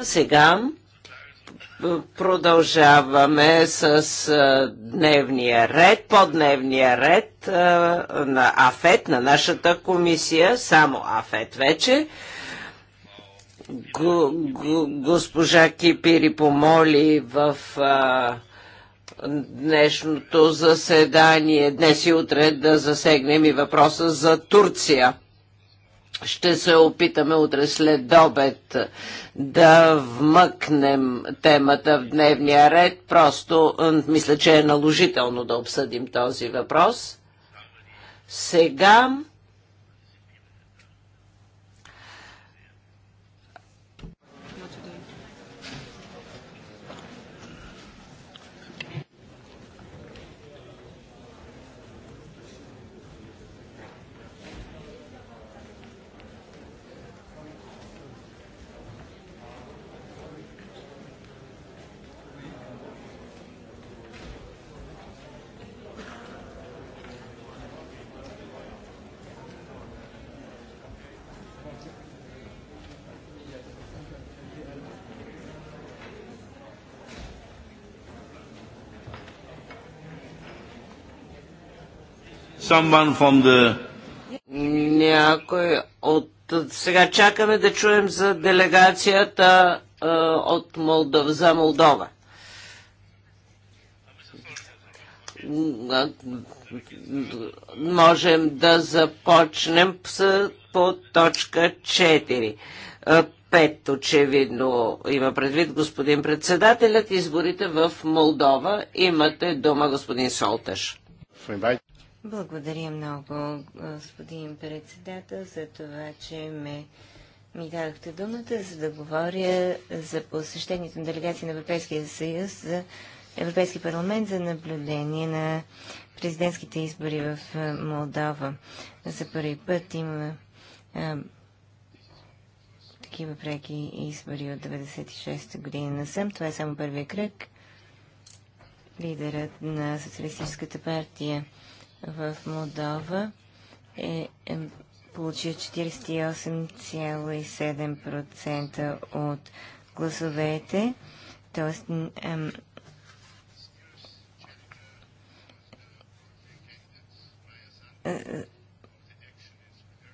Сега продължаваме с дневния ред, поддневния ред на АФЕТ, на нашата комисия, само АФЕТ вече. Госпожа Кипири помоли в днешното заседание, днес и утре да засегнем и въпроса за Турция ще се опитаме утре след обед да вмъкнем темата в дневния ред. Просто мисля, че е наложително да обсъдим този въпрос. Сега Someone from the... Някой от... Сега чакаме да чуем за делегацията от Молдов, за Молдова. Можем да започнем по точка 4. Пет, очевидно, има предвид господин председателят, изборите в Молдова. Имате дома господин Солтеш. Благодаря много, господин председател, за това, че ме ми дадохте думата, за да говоря за посещението на делегация на Европейския съюз за Европейски парламент за наблюдение на президентските избори в Молдова. За първи път има а, такива преки избори от 96-та година съм. Това е само първия кръг. Лидерът на Социалистическата партия в Молдова е, е получил 48,7% от гласовете, т.е. Е,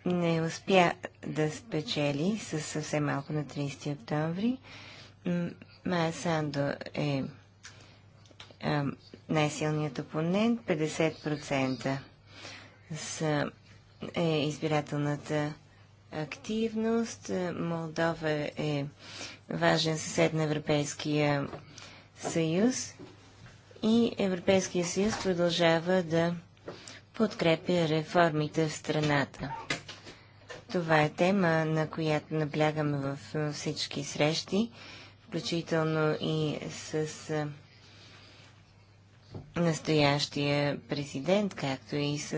не успя да спечели с съвсем малко на 30 октомври. Майя Сандо е най-силният опонент, 50% с е избирателната активност. Молдова е важен съсед на Европейския съюз и Европейския съюз продължава да подкрепя реформите в страната. Това е тема, на която наблягаме в всички срещи, включително и с настоящия президент, както и с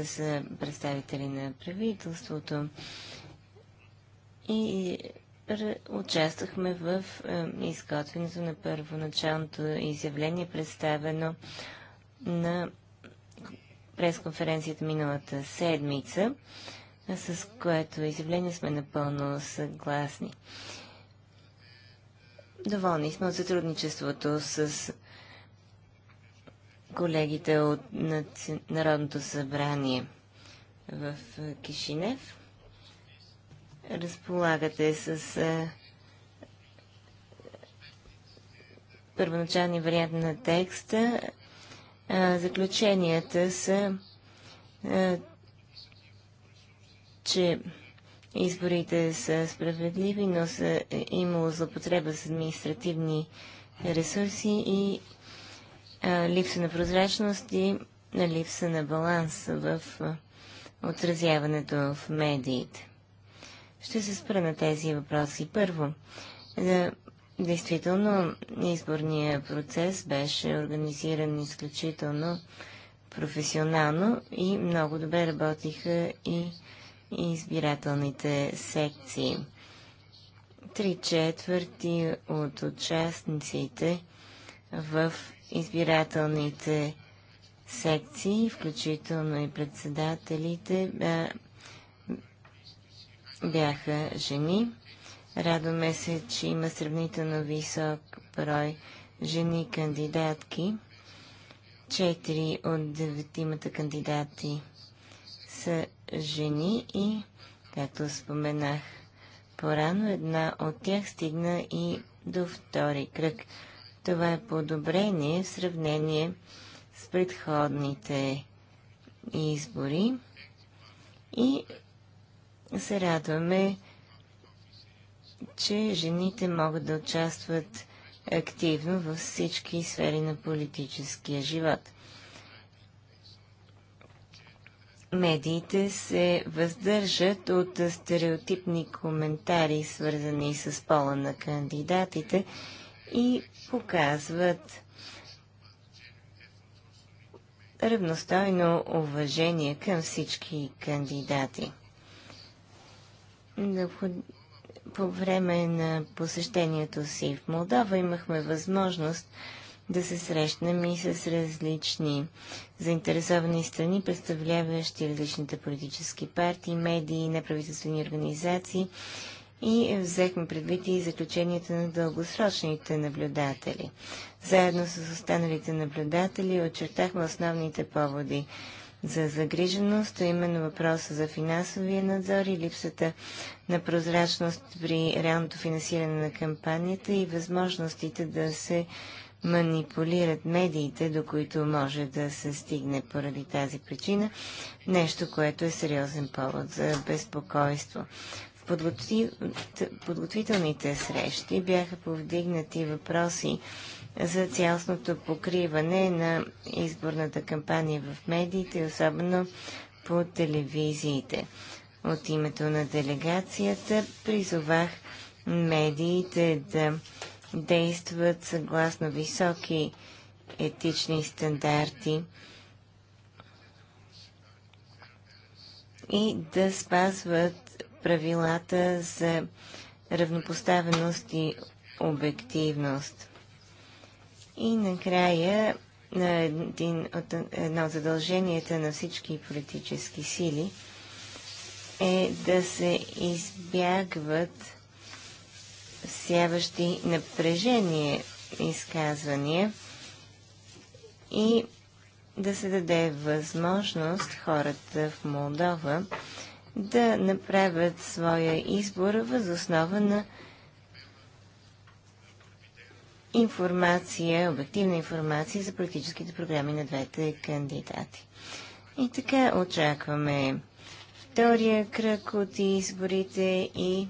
представители на правителството. И участвахме в изготвянето на първоначалното изявление, представено на пресконференцията миналата седмица, с което изявление сме напълно съгласни. Доволни сме от сътрудничеството с колегите от Народното събрание в е, Кишинев. Разполагате с е, първоначалния вариант на текста. Е, заключенията са, че изборите са справедливи, но са имало злопотреба с административни ресурси и липса на прозрачност и на липса на баланс в отразяването в медиите. Ще се спра на тези въпроси. Първо, действително изборният процес беше организиран изключително професионално и много добре работиха и избирателните секции. Три четвърти от участниците в избирателните секции, включително и председателите, бяха жени. Радваме се, че има сравнително висок брой жени кандидатки. Четири от деветимата кандидати са жени и, както споменах по-рано, една от тях стигна и до втори кръг. Това е подобрение в сравнение с предходните избори и се радваме, че жените могат да участват активно във всички сфери на политическия живот. Медиите се въздържат от стереотипни коментари, свързани с пола на кандидатите и показват равностойно уважение към всички кандидати. По време на посещението си в Молдова имахме възможност да се срещнем и с различни заинтересовани страни, представляващи различните политически партии, медии, неправителствени организации и взехме предвид и заключенията на дългосрочните наблюдатели. Заедно с останалите наблюдатели очертахме основните поводи за загриженост, именно въпроса за финансовия надзор и липсата на прозрачност при реалното финансиране на кампанията и възможностите да се манипулират медиите, до които може да се стигне поради тази причина, нещо, което е сериозен повод за безпокойство подготвителните срещи бяха повдигнати въпроси за цялостното покриване на изборната кампания в медиите, особено по телевизиите. От името на делегацията призовах медиите да действат съгласно високи етични стандарти и да спазват правилата за равнопоставеност и обективност. И накрая на един от, едно от задълженията на всички политически сили е да се избягват сяващи напрежение изказвания и да се даде възможност хората в Молдова да направят своя избор въз основа на информация, обективна информация за политическите програми на двете кандидати. И така очакваме втория кръг от изборите и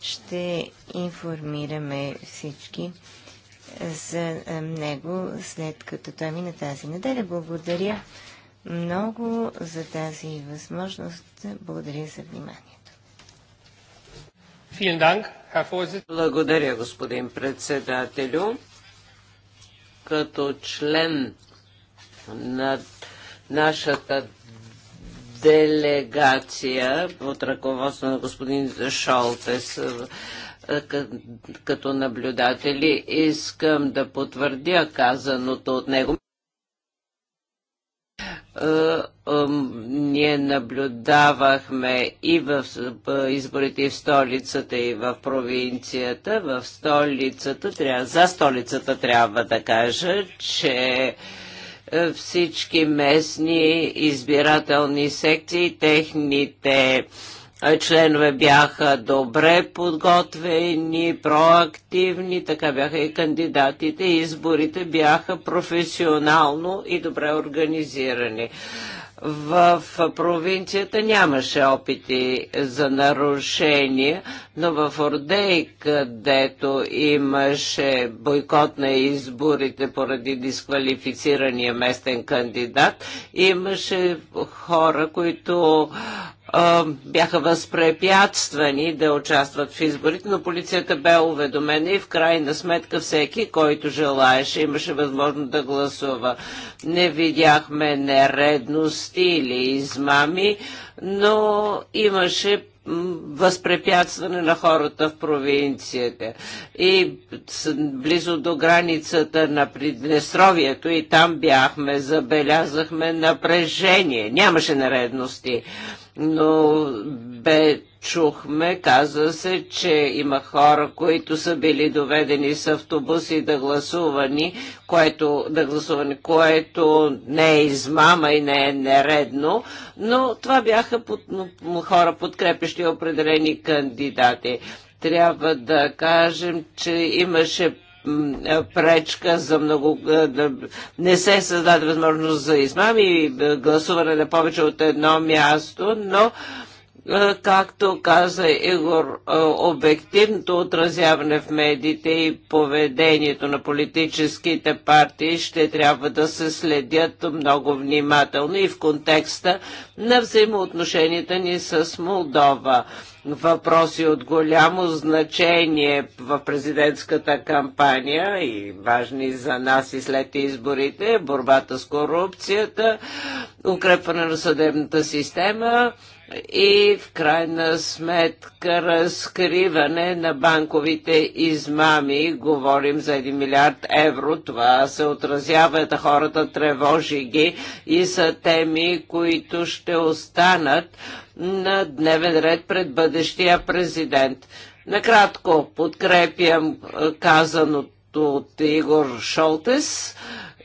ще информираме всички за него, след като той мина тази неделя. Благодаря много за тази възможност. Благодаря за вниманието. Благодаря, господин председателю. Като член на нашата делегация от ръководство на господин Шолтес като наблюдатели искам да потвърдя казаното от него. Е, ние наблюдавахме и в изборите в столицата, и в провинцията. В столицата, трябва, за столицата трябва да кажа, че е, всички местни избирателни секции, техните членове бяха добре подготвени, проактивни, така бяха и кандидатите. Изборите бяха професионално и добре организирани в провинцията нямаше опити за нарушения, но в Ордей, където имаше бойкот на изборите поради дисквалифицирания местен кандидат, имаше хора, които бяха възпрепятствани да участват в изборите, но полицията бе уведомена и в крайна сметка всеки, който желаеше, имаше възможност да гласува. Не видяхме нередности или измами, но имаше възпрепятстване на хората в провинцията и близо до границата на Приднестровието и там бяхме, забелязахме напрежение. Нямаше наредности но бе чухме, каза се, че има хора, които са били доведени с автобуси да гласувани, което, да гласувани, което не е измама и не е нередно, но това бяха под, хора, подкрепещи определени кандидати трябва да кажем, че имаше пречка за много... Е, не се създаде възможност за измами и е, гласуване на повече от едно място, но е, както каза Игор, обективното отразяване в медиите и поведението на политическите партии ще трябва да се следят много внимателно и в контекста на взаимоотношенията ни с Молдова въпроси от голямо значение в президентската кампания и важни за нас и след изборите, борбата с корупцията, укрепване на съдебната система и в крайна сметка разкриване на банковите измами. Говорим за 1 милиард евро. Това се отразява на хората, тревожи ги и са теми, които ще останат на дневен ред пред бъдещия президент. Накратко подкрепям казаното от Игор Шолтес.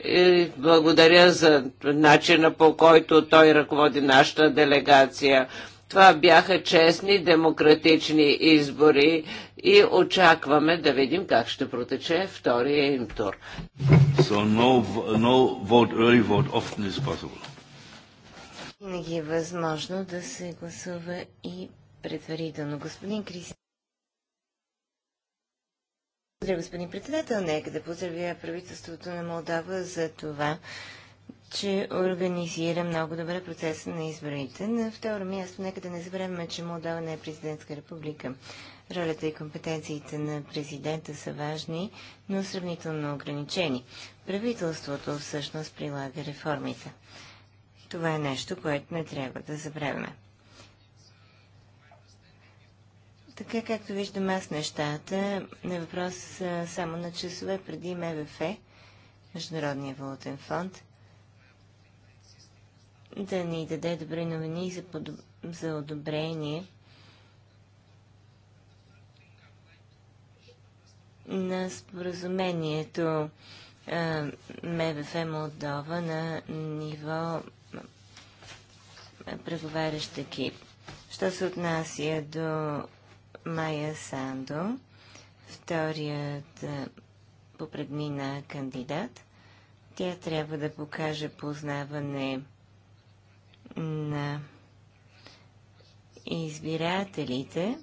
И благодаря за начина по който той ръководи нашата делегация. Това бяха честни, демократични избори и очакваме да видим как ще протече втория им тур. So no, no vote early, vote often is possible. Винаги е възможно да се гласува и предварително. Господин Крис. Благодаря, господин председател. Нека да поздравя правителството на Молдава за това, че организира много добре процеса на изборите. На второ място, нека да не забравяме, че Молдова не е президентска република. Ролята и компетенциите на президента са важни, но сравнително ограничени. Правителството всъщност прилага реформите. Това е нещо, което не трябва да забравяме. Така както виждам аз нещата, на въпрос само на часове преди МВФ, Международния валутен фонд, да ни даде добри новини за, под... за одобрение на споразумението МВФ Молдова на ниво преговарящ екип. Що се отнася до Майя Сандо, вторият е, попредмина кандидат, тя трябва да покаже познаване на избирателите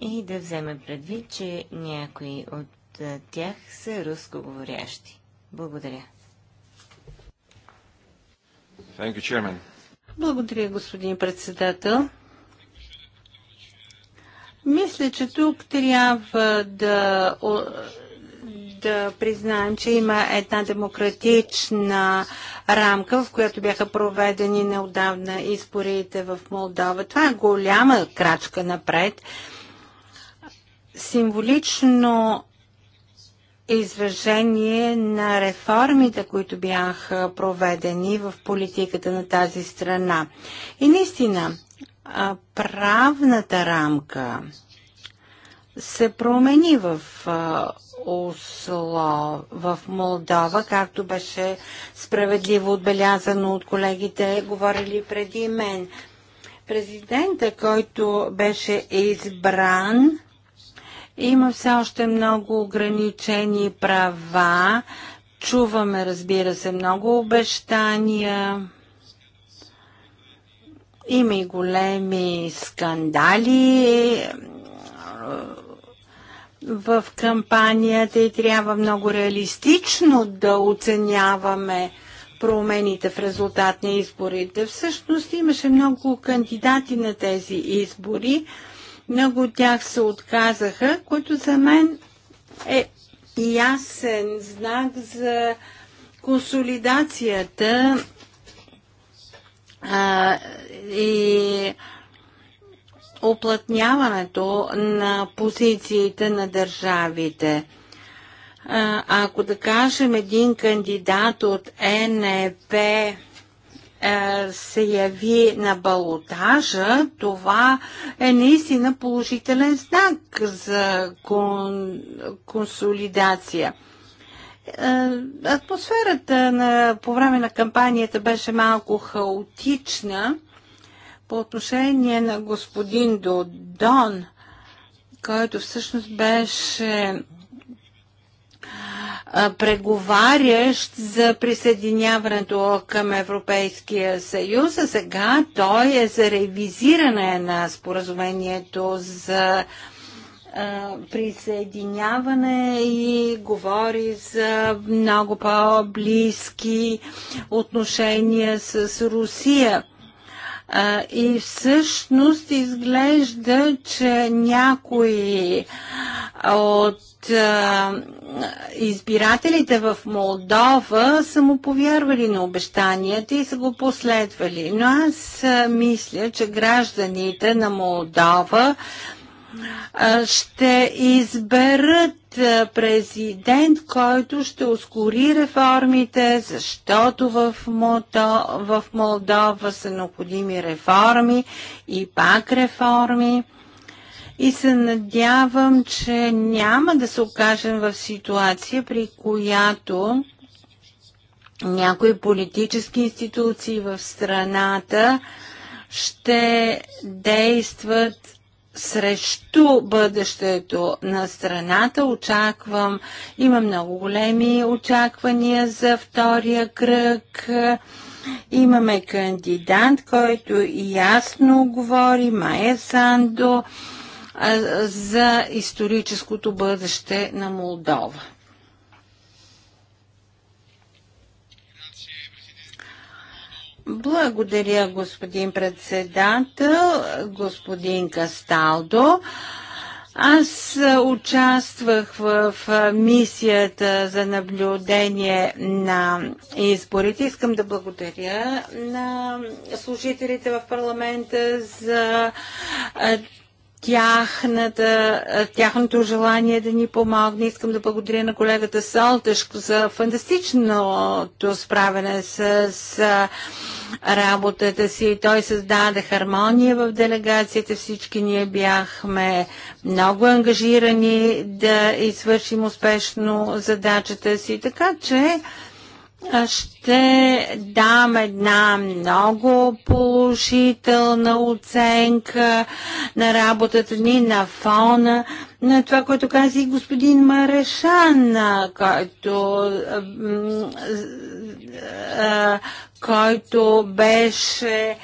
и да вземе предвид, че някои от е, тях са рускоговорящи. Благодаря. Thank you, Chairman. Благодаря, господин председател. Мисля, че тук трябва да, да признаем, че има една демократична рамка, в която бяха проведени неодавна изборите в Молдова. Това е голяма крачка напред. Символично изражение на реформите, които бяха проведени в политиката на тази страна. И наистина, правната рамка се промени в Осло в Молдова, както беше справедливо отбелязано от колегите, говорили преди мен. Президента, който беше избран, има все още много ограничени права. Чуваме, разбира се, много обещания. Има и големи скандали в кампанията и трябва много реалистично да оценяваме промените в резултат на изборите. Всъщност имаше много кандидати на тези избори много от тях се отказаха, които за мен е ясен знак за консолидацията а, и оплътняването на позициите на държавите. А, ако да кажем един кандидат от НП, е е, се яви на балотажа, това е наистина положителен знак за кон, консолидация. Е, атмосферата на, по време на кампанията беше малко хаотична по отношение на господин Додон, който всъщност беше преговарящ за присъединяването към Европейския съюз, а сега той е за ревизиране на споразумението за присъединяване и говори за много по-близки отношения с Русия. А, и всъщност изглежда, че някои от а, избирателите в Молдова са му повярвали на обещанията и са го последвали. Но аз а, мисля, че гражданите на Молдова ще изберат президент, който ще ускори реформите, защото в, в Молдова са необходими реформи и пак реформи. И се надявам, че няма да се окажем в ситуация, при която някои политически институции в страната ще действат срещу бъдещето на страната. Очаквам, има много големи очаквания за втория кръг. Имаме кандидат, който ясно говори, Майя Сандо, за историческото бъдеще на Молдова. Благодаря, господин председател, господин Касталдо. Аз участвах в мисията за наблюдение на изборите. Искам да благодаря на служителите в парламента за тяхната, тяхното желание да ни помогне. Искам да благодаря на колегата Солтеш за фантастичното справяне с, с работата си. Той създаде хармония в делегацията. Всички ние бяхме много ангажирани да извършим успешно задачата си. Така че ще дам една много положителна оценка на работата ни на фона на това, което каза и господин Марешан, който, който беше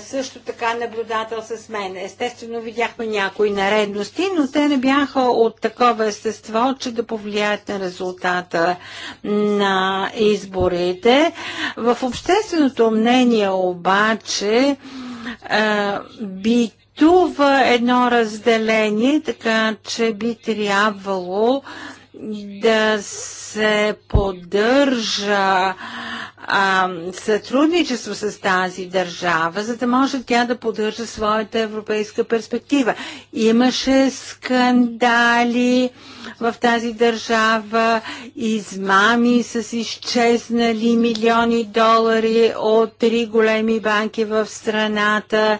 също така наблюдател с мен. Естествено, видяхме някои наредности, но те не бяха от такова естество, че да повлияят на резултата на изборите. В общественото мнение обаче би това едно разделение, така че би трябвало да се поддържа а, сътрудничество с тази държава, за да може тя да поддържа своята европейска перспектива. Имаше скандали в тази държава, измами с изчезнали милиони долари от три големи банки в страната. А,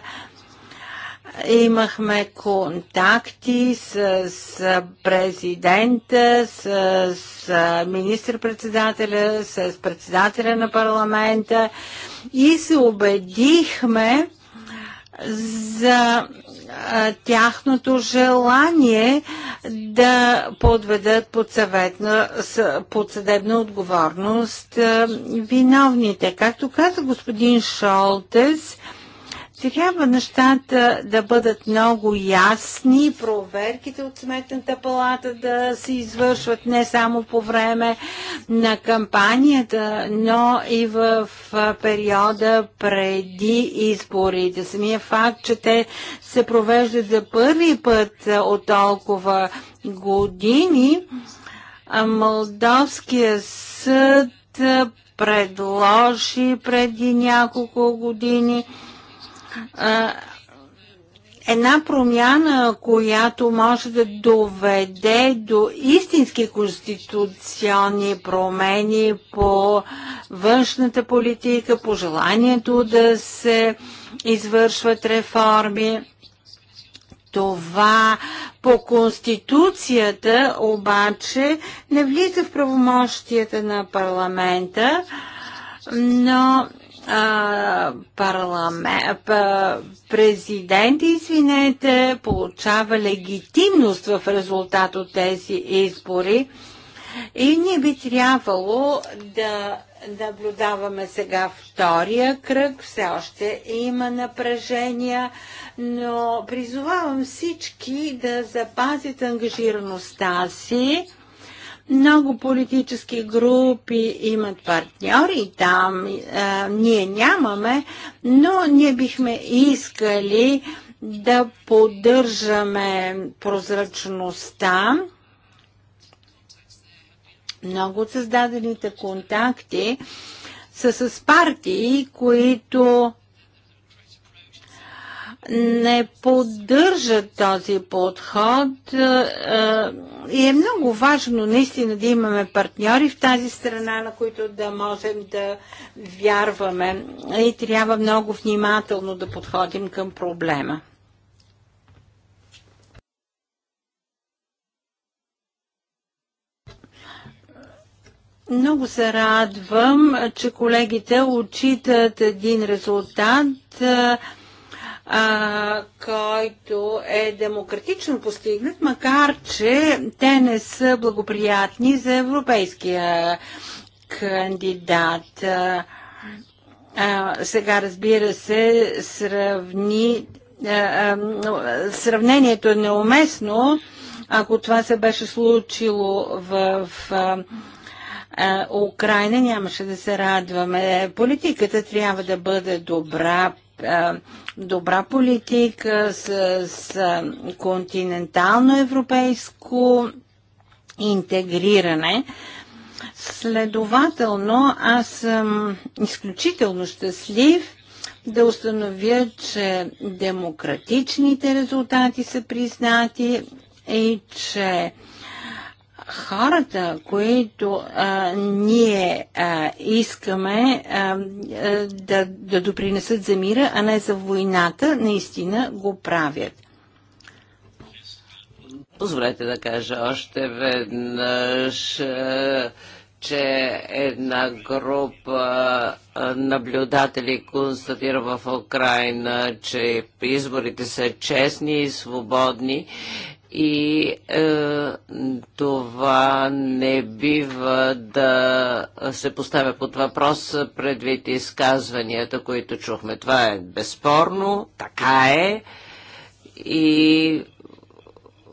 Имахме контакти с, президента, с, с министр-председателя, с председателя на парламента и се убедихме за тяхното желание да подведат под, съветна, под съдебна отговорност виновните. Както каза господин Шолтес, трябва нещата да бъдат много ясни, проверките от сметната палата да се извършват не само по време на кампанията, но и в периода преди изборите. Самия факт, че те се провеждат за първи път от толкова години, Молдовския съд предложи преди няколко години една промяна, която може да доведе до истински конституционни промени по външната политика, по желанието да се извършват реформи. Това по Конституцията обаче не влиза в правомощията на парламента, но парламент, президент, извинете, получава легитимност в резултат от тези избори. И ни би трябвало да наблюдаваме сега втория кръг. Все още има напрежения, но призовавам всички да запазят ангажираността си много политически групи имат партньори там, а, е, ние нямаме, но ние бихме искали да поддържаме прозрачността. Много от създадените контакти са с партии, които не поддържат този подход е, е, и е много важно наистина да имаме партньори в тази страна, на които да можем да вярваме и трябва много внимателно да подходим към проблема. Много се радвам, че колегите отчитат един резултат е, – а, който е демократично постигнат, макар че те не са благоприятни за европейския кандидат. А, сега, разбира се, сравни, а, а, сравнението е неуместно, ако това се беше случило в. в Украина нямаше да се радваме. Политиката трябва да бъде добра, е, добра политика, с, с континентално европейско интегриране. Следователно, аз съм изключително щастлив да установя, че демократичните резултати са признати и че хората, които а, ние а, искаме а, да, да допринесат за мира, а не за войната, наистина го правят. Позволете да кажа още веднъж че една група наблюдатели констатира в Украина, че изборите са честни и свободни и е, това не бива да се поставя под въпрос предвид изказванията, които чухме. Това е безспорно, така е и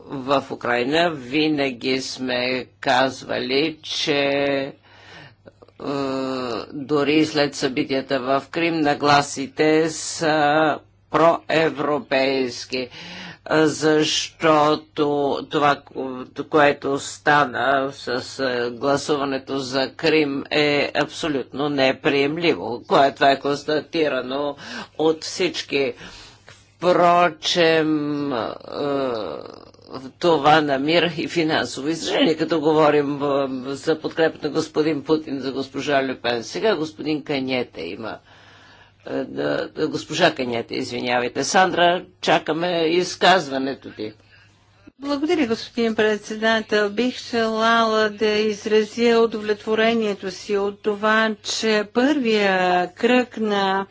в Украина винаги сме казвали, че е, дори след събитията в Крим, нагласите са проевропейски защото това, което стана с гласуването за Крим е абсолютно неприемливо, което е, е констатирано от всички. Впрочем, това намирах и финансово изражение, като говорим за подкрепа на господин Путин за госпожа Люпен. Сега господин Канете има Госпожа Канята, извинявайте. Сандра, чакаме изказването ти. Благодаря, господин председател. Бих желала да изразя удовлетворението си от това, че първия кръг на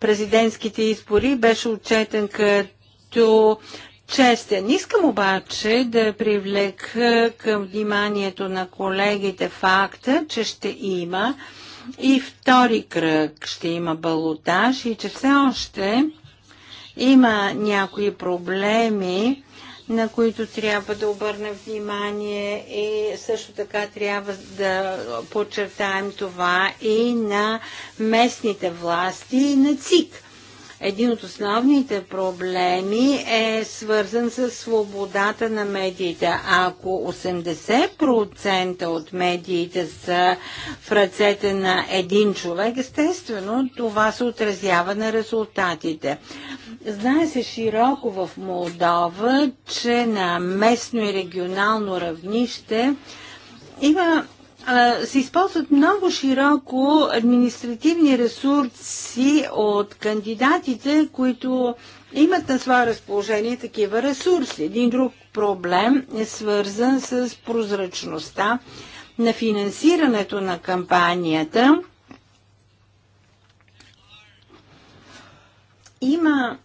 президентските избори беше отчетен като честен. Искам обаче да привлека към вниманието на колегите факта, че ще има и втори кръг ще има балотаж и че все още има някои проблеми, на които трябва да обърнем внимание и също така трябва да подчертаем това и на местните власти и на ЦИК един от основните проблеми е свързан с свободата на медиите. Ако 80% от медиите са в ръцете на един човек, естествено това се отразява на резултатите. Знае се широко в Молдова, че на местно и регионално равнище има се използват много широко административни ресурси от кандидатите, които имат на свое разположение такива ресурси. Един друг проблем е свързан с прозрачността на финансирането на кампанията. Има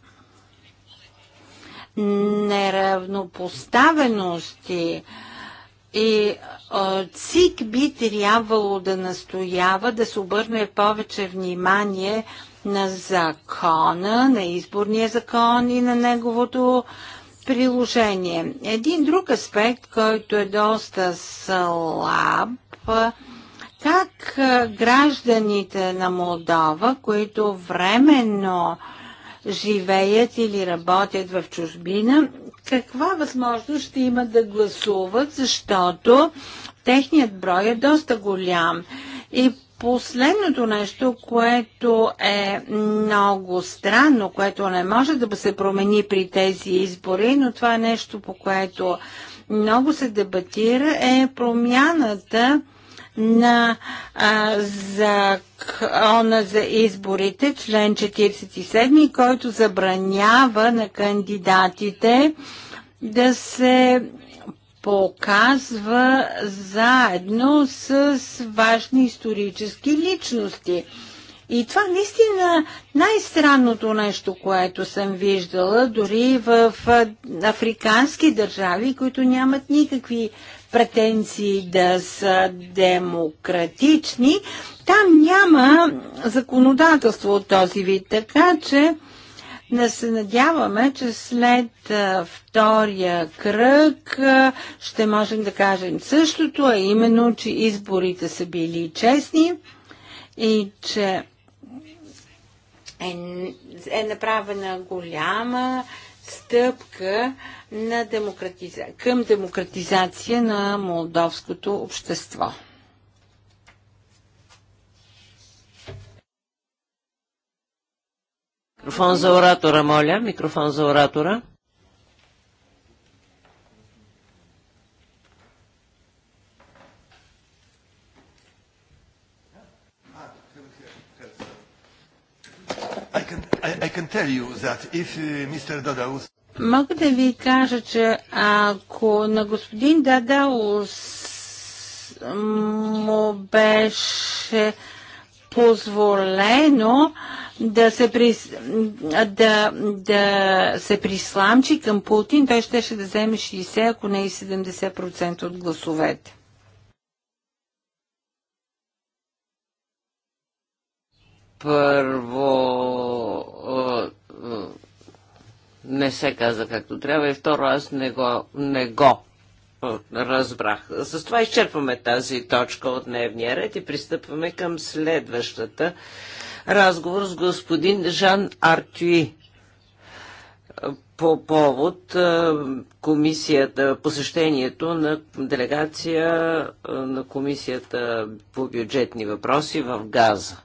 неравнопоставености и е, ЦИК би трябвало да настоява да се обърне повече внимание на закона, на изборния закон и на неговото приложение. Един друг аспект, който е доста слаб, как е, гражданите на Молдова, които временно живеят или работят в чужбина, каква възможност ще имат да гласуват, защото техният брой е доста голям. И последното нещо, което е много странно, което не може да се промени при тези избори, но това е нещо, по което много се дебатира, е промяната на а, закона за изборите, член 47, който забранява на кандидатите да се показва заедно с важни исторически личности. И това наистина най-странното нещо, което съм виждала, дори в африкански държави, които нямат никакви претенции да са демократични, там няма законодателство от този вид. Така че не се надяваме, че след втория кръг ще можем да кажем същото, а именно, че изборите са били честни и че е, е направена голяма стъпка на демократиза... към демократизация на молдовското общество. Микрофон за оратора, моля. Микрофон за оратора. Uh, Dadaus... Мога да ви кажа, че ако на господин Дадаус му беше позволено да се, при, да, да се присламчи към Путин, той щеше да вземе 60, ако не и 70% от гласовете. Първо не се каза както трябва и второ аз не го, не го разбрах. С това изчерпваме тази точка от дневния ред и пристъпваме към следващата разговор с господин Жан Артюи по повод комисията, посещението на делегация на комисията по бюджетни въпроси в Газа.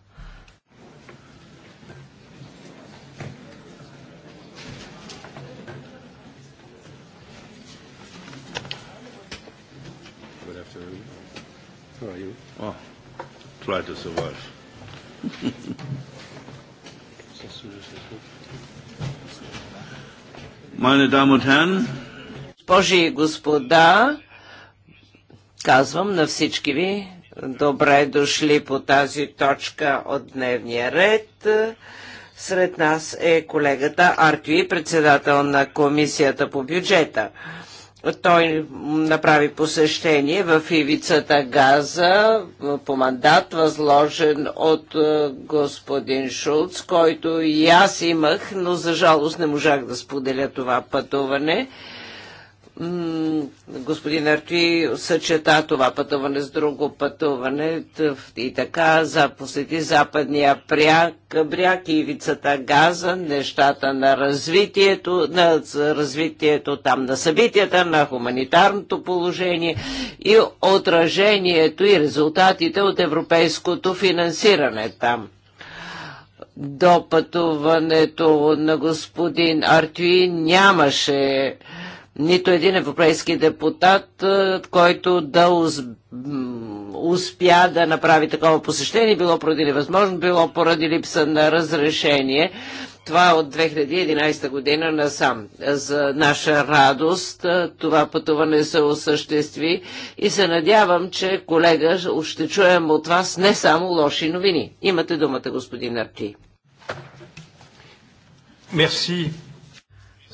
Oh, try to survive. Meine Damen und Herren, Госпожи и господа, казвам на всички ви, добре дошли по тази точка от дневния ред. Сред нас е колегата Артюи, председател на Комисията по бюджета. Той направи посещение в ивицата Газа по мандат, възложен от е, господин Шулц, който и аз имах, но за жалост не можах да споделя това пътуване господин Артуи съчета това пътуване с друго пътуване и така за посети западния пряк, бряг и ивицата Газа, нещата на развитието, на развитието там на събитията, на хуманитарното положение и отражението и резултатите от европейското финансиране там до пътуването на господин Артюи нямаше нито един европейски депутат, е, който да успя да направи такова посещение, било поради невъзможно, било поради липса на разрешение. Това е от 2011 година насам. За наша радост е, това пътуване се осъществи и се надявам, че колега ще чуем от вас не само лоши новини. Имате думата, господин Арти. Мерси,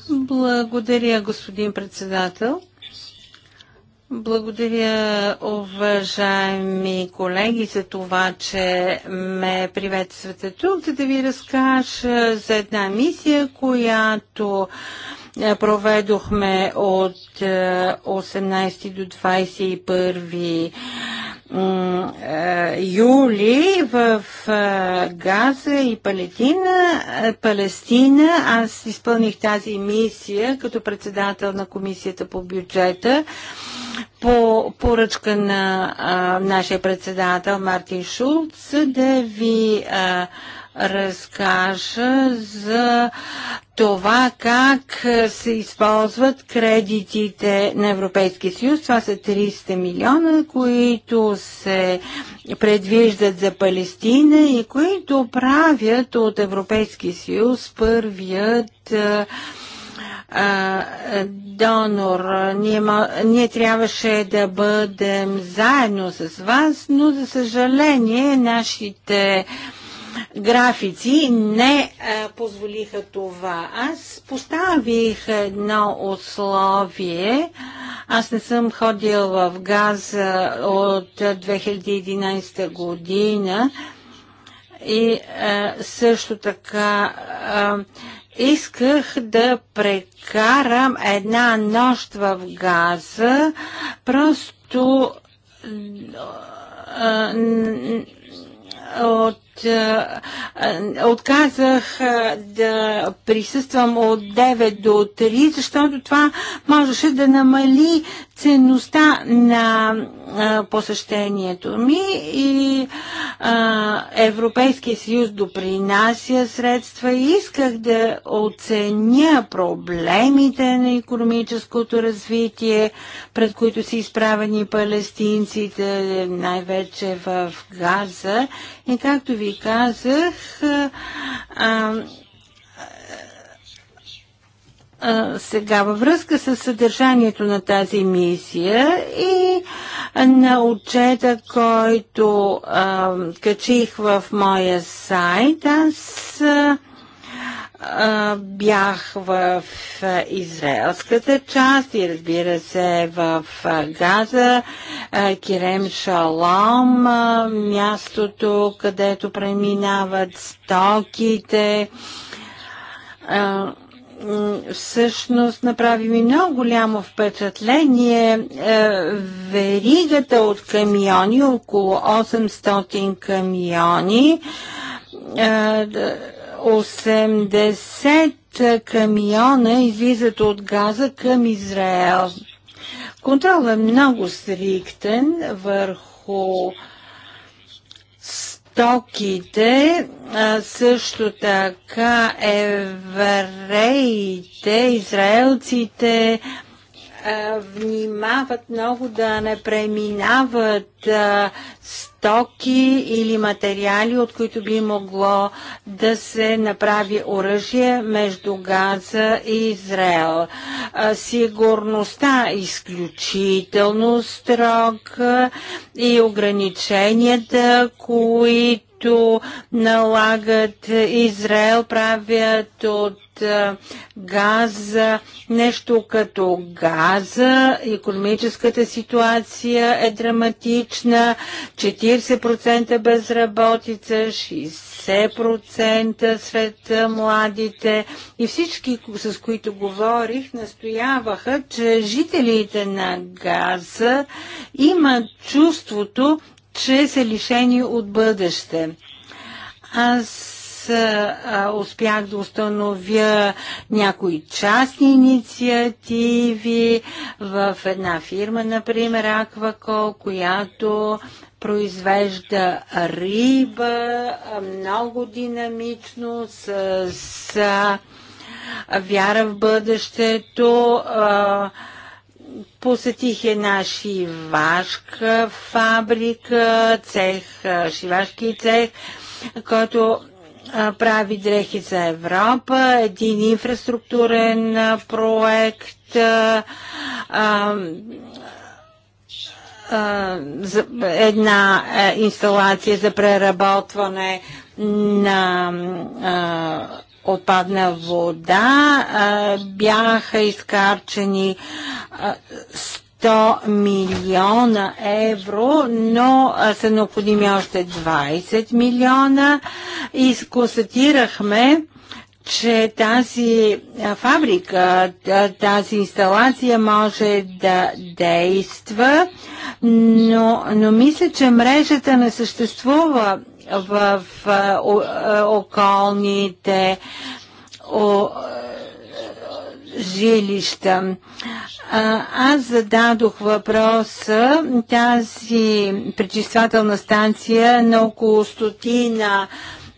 благодаря, господин председател. Благодаря, уважаеми колеги, за това, че ме приветствате тук, за да ви разкажа за една мисия, която е, проведохме от 18 е, до 21 е, юли в е, Газа и Палетина, е, Палестина. Аз изпълних тази мисия като председател на комисията по бюджета по поръчка на а, нашия председател Мартин Шулц да ви а, разкажа за това как се използват кредитите на Европейския съюз. Това са 300 милиона, които се предвиждат за Палестина и които правят от Европейския съюз първият донор. Ние, ние трябваше да бъдем заедно с вас, но за съжаление нашите а, графици не е, позволиха това. Аз поставих едно условие. Аз не съм ходил в Газа е, от 2011 година и е, също така исках да прекарам една нощ в Газа, просто от е, е, отказах е, да присъствам от 9 до 3, защото това можеше да намали ценността на а, посещението ми и а, Европейския съюз допринася средства и исках да оценя проблемите на економическото развитие, пред които са изправени палестинците, най-вече в Газа. И както ви казах, а, сега във връзка с съдържанието на тази мисия и на отчета, който а, качих в моя сайт, аз а, бях в израелската част и разбира се в Газа, Кирем Шалом, мястото, където преминават стоките, всъщност направи ми много голямо впечатление е, веригата от камиони, около 800 камиони, 80 е, камиона излизат от Газа към Израел. Контролът е много стриктен върху Стоките също така евреите, израелците внимават много да не преминават стоки или материали, от които би могло да се направи оръжие между Газа и Израел. Сигурността е изключително строг и ограниченията, които които налагат Израел, правят от е, газа, нещо като газа. Економическата ситуация е драматична. 40% безработица, 60% сред младите. И всички, с които говорих, настояваха, че жителите на газа имат чувството, че са лишени от бъдеще. Аз а, успях да установя някои частни инициативи в една фирма, например Аквакол, която произвежда риба много динамично с, с вяра в бъдещето. А, Посетих една шивашка фабрика, цех, шивашки цех, който прави дрехи за Европа, един инфраструктурен проект, една инсталация за преработване на а, отпадна вода. Бяха изкарчени 100 милиона евро, но са необходими още 20 милиона и констатирахме, че тази фабрика, тази инсталация може да действа, но, но мисля, че мрежата не съществува в околните жилища. Аз зададох въпроса тази пречиствателна станция на около стотина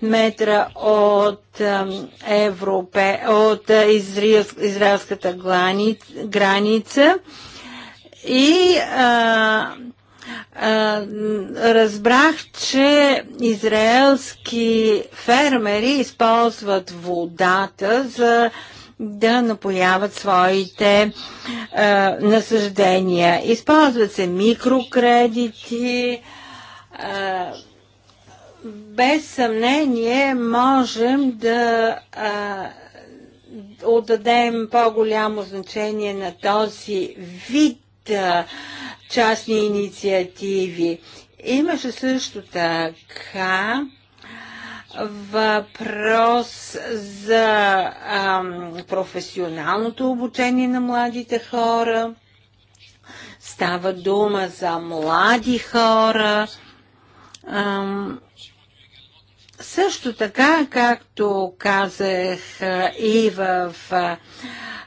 метра от, Европе, от израелската граница и а, разбрах, че израелски фермери използват водата за да напояват своите а, насъждения. Използват се микрокредити. А, без съмнение можем да а, отдадем по-голямо значение на този вид а, частни инициативи. Имаше също така въпрос за ам, професионалното обучение на младите хора. Става дума за млади хора. Ам, също така, както казах и в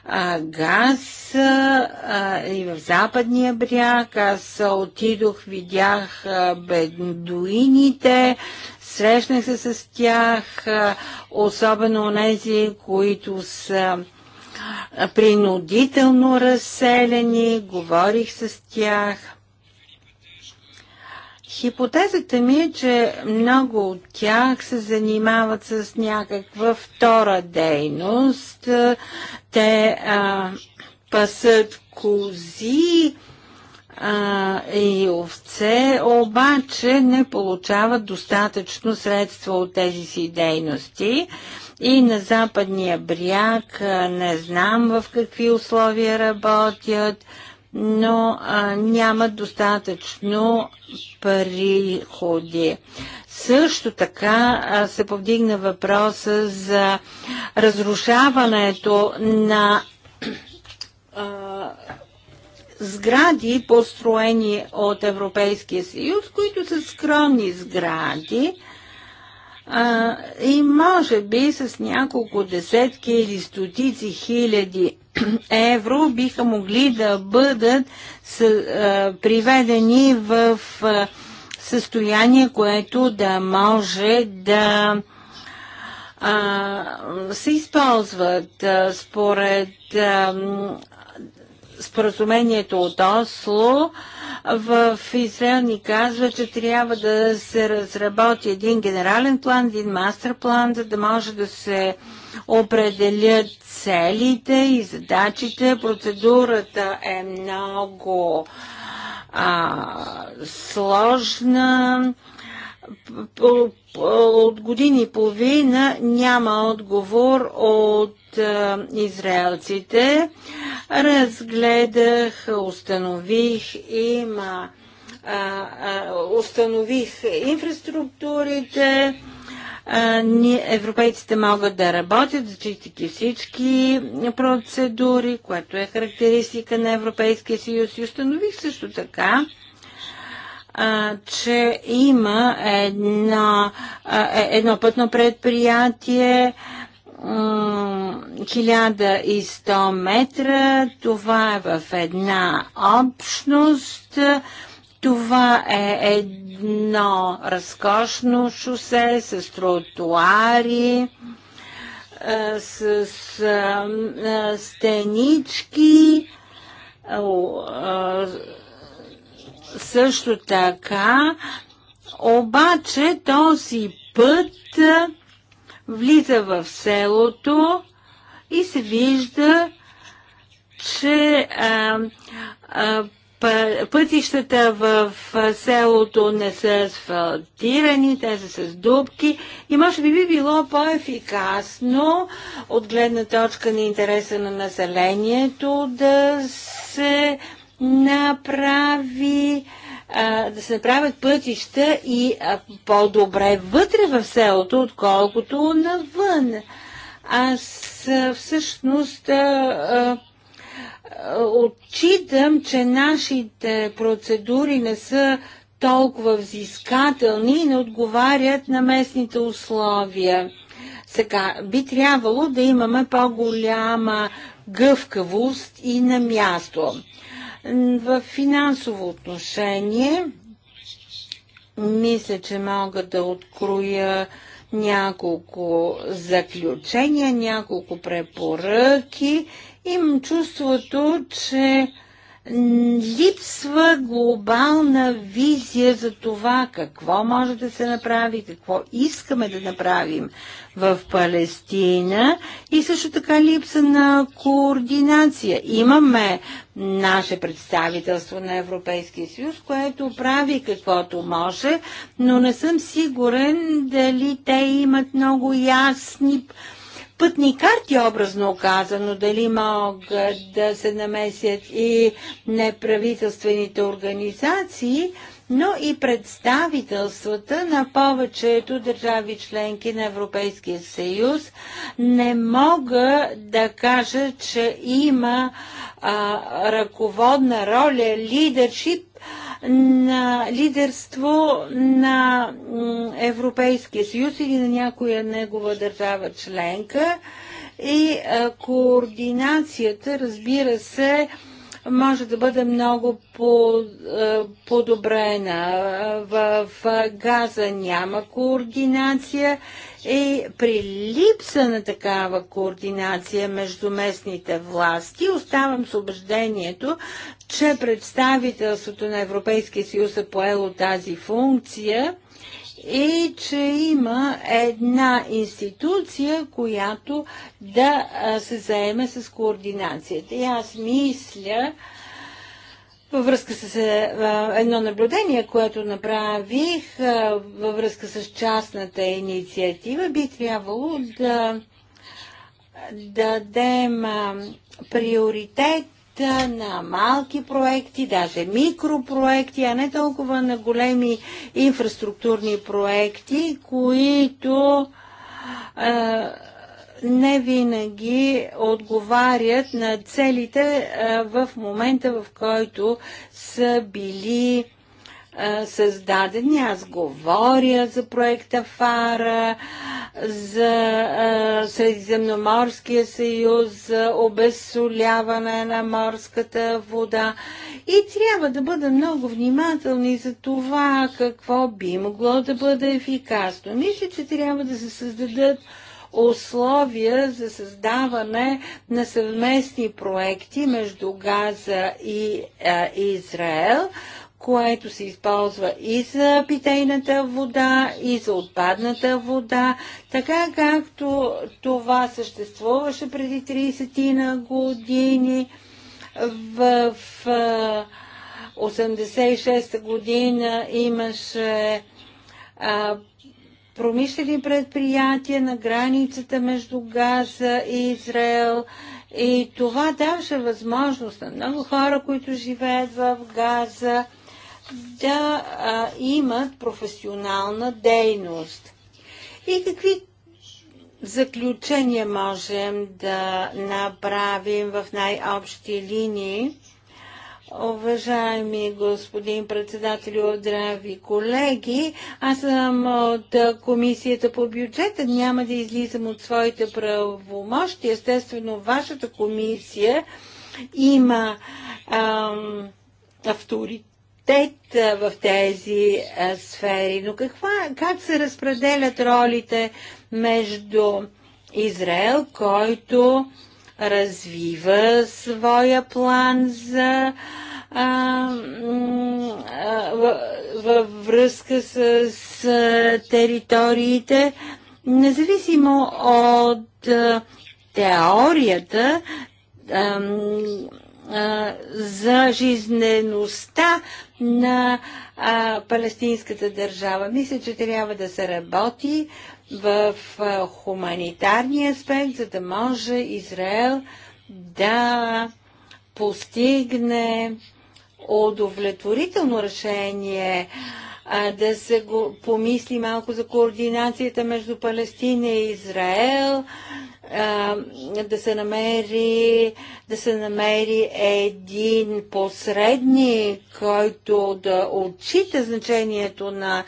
а, газ а, и в западния бряг. Аз отидох, видях а, бедуините, срещнах се с тях, а, особено тези, които са принудително разселени, говорих с тях – Хипотезата ми е, че много от тях се занимават с някаква втора дейност. Те а, пасат кози а, и овце, обаче не получават достатъчно средства от тези си дейности. И на западния бряг не знам в какви условия работят. А, но а, нямат достатъчно приходи. Също така а, се повдигна въпроса за разрушаването на а, сгради, построени от Европейския съюз, които са скромни сгради а, и може би с няколко десетки или стотици хиляди евро биха могли да бъдат приведени в състояние, което да може да се използват според споразумението от Осло в Израел ни казва, че трябва да се разработи един генерален план, един мастер план, за да може да се определят целите и задачите. Процедурата е много а, сложна. От години и половина няма отговор от израелците. Разгледах, установих, има, а, а, установих инфраструктурите, ние, европейците могат да работят, зачистики всички процедури, което е характеристика на Европейския съюз. И установих също така, а, че има едно, а, е, едно пътно предприятие, 1100 метра. Това е в една общност. Това е едно разкошно шосе с тротуари, с стенички, също така, обаче този път влиза в селото и се вижда, че а, а, Пътищата в селото не са асфалтирани, те са с дубки и може би би било по-ефикасно от гледна точка на интереса на населението да се направи да се направят пътища и по-добре вътре в селото, отколкото навън. Аз всъщност отчитам, че нашите процедури не са толкова взискателни и не отговарят на местните условия. Сега, би трябвало да имаме по-голяма гъвкавост и на място. В финансово отношение, мисля, че мога да откроя няколко заключения, няколко препоръки Имам чувството, че липсва глобална визия за това какво може да се направи, какво искаме да направим в Палестина и също така липса на координация. Имаме наше представителство на Европейския съюз, което прави каквото може, но не съм сигурен дали те имат много ясни пътни карти, образно казано, дали могат да се намесят и неправителствените организации, но и представителствата на повечето държави членки на Европейския съюз. Не мога да кажа, че има а, ръководна роля, лидершип, а, на лидерство на Европейския съюз или на някоя негова държава членка и координацията, разбира се, може да бъде много е, подобрена. В газа няма координация и при липса на такава координация между местните власти оставам с убеждението, че представителството на Европейския съюз е поело тази функция и че има една институция, която да се заеме с координацията. И аз мисля, във връзка с едно наблюдение, което направих във връзка с частната инициатива, би трябвало да дадем приоритет проекта, на малки проекти, даже микропроекти, а не толкова на големи инфраструктурни проекти, които а, не винаги отговарят на целите а, в момента, в който са били създадени. Аз говоря за проекта ФАРА, за Средиземноморския съюз, за обезсоляване на морската вода. И трябва да бъда много внимателни за това какво би могло да бъде ефикасно. Мисля, че трябва да се създадат условия за създаване на съвместни проекти между Газа и а, Израел, което се използва и за питейната вода, и за отпадната вода, така както това съществуваше преди 30 на години в, 86-та година имаше а, промишлени предприятия на границата между Газа и Израел. И това даваше възможност на много хора, които живеят в Газа, да а, имат професионална дейност. И какви заключения можем да направим в най-общи линии? Уважаеми господин председател, здрави колеги, аз съм от комисията по бюджета, няма да излизам от своите правомощи. Естествено, вашата комисия има ам, авторитет приоритет в тези сфери. Но каква, как се разпределят ролите между Израел, който развива своя план за а, а, във връзка с, с териториите, независимо от а, теорията, за жизнеността на а, палестинската държава. Мисля, че трябва да се работи в а, хуманитарния аспект, за да може Израел да постигне удовлетворително решение а, а, да се го, помисли малко за координацията между Палестина и Израел, а, да се намери, да се намери един посредник, който да отчита значението на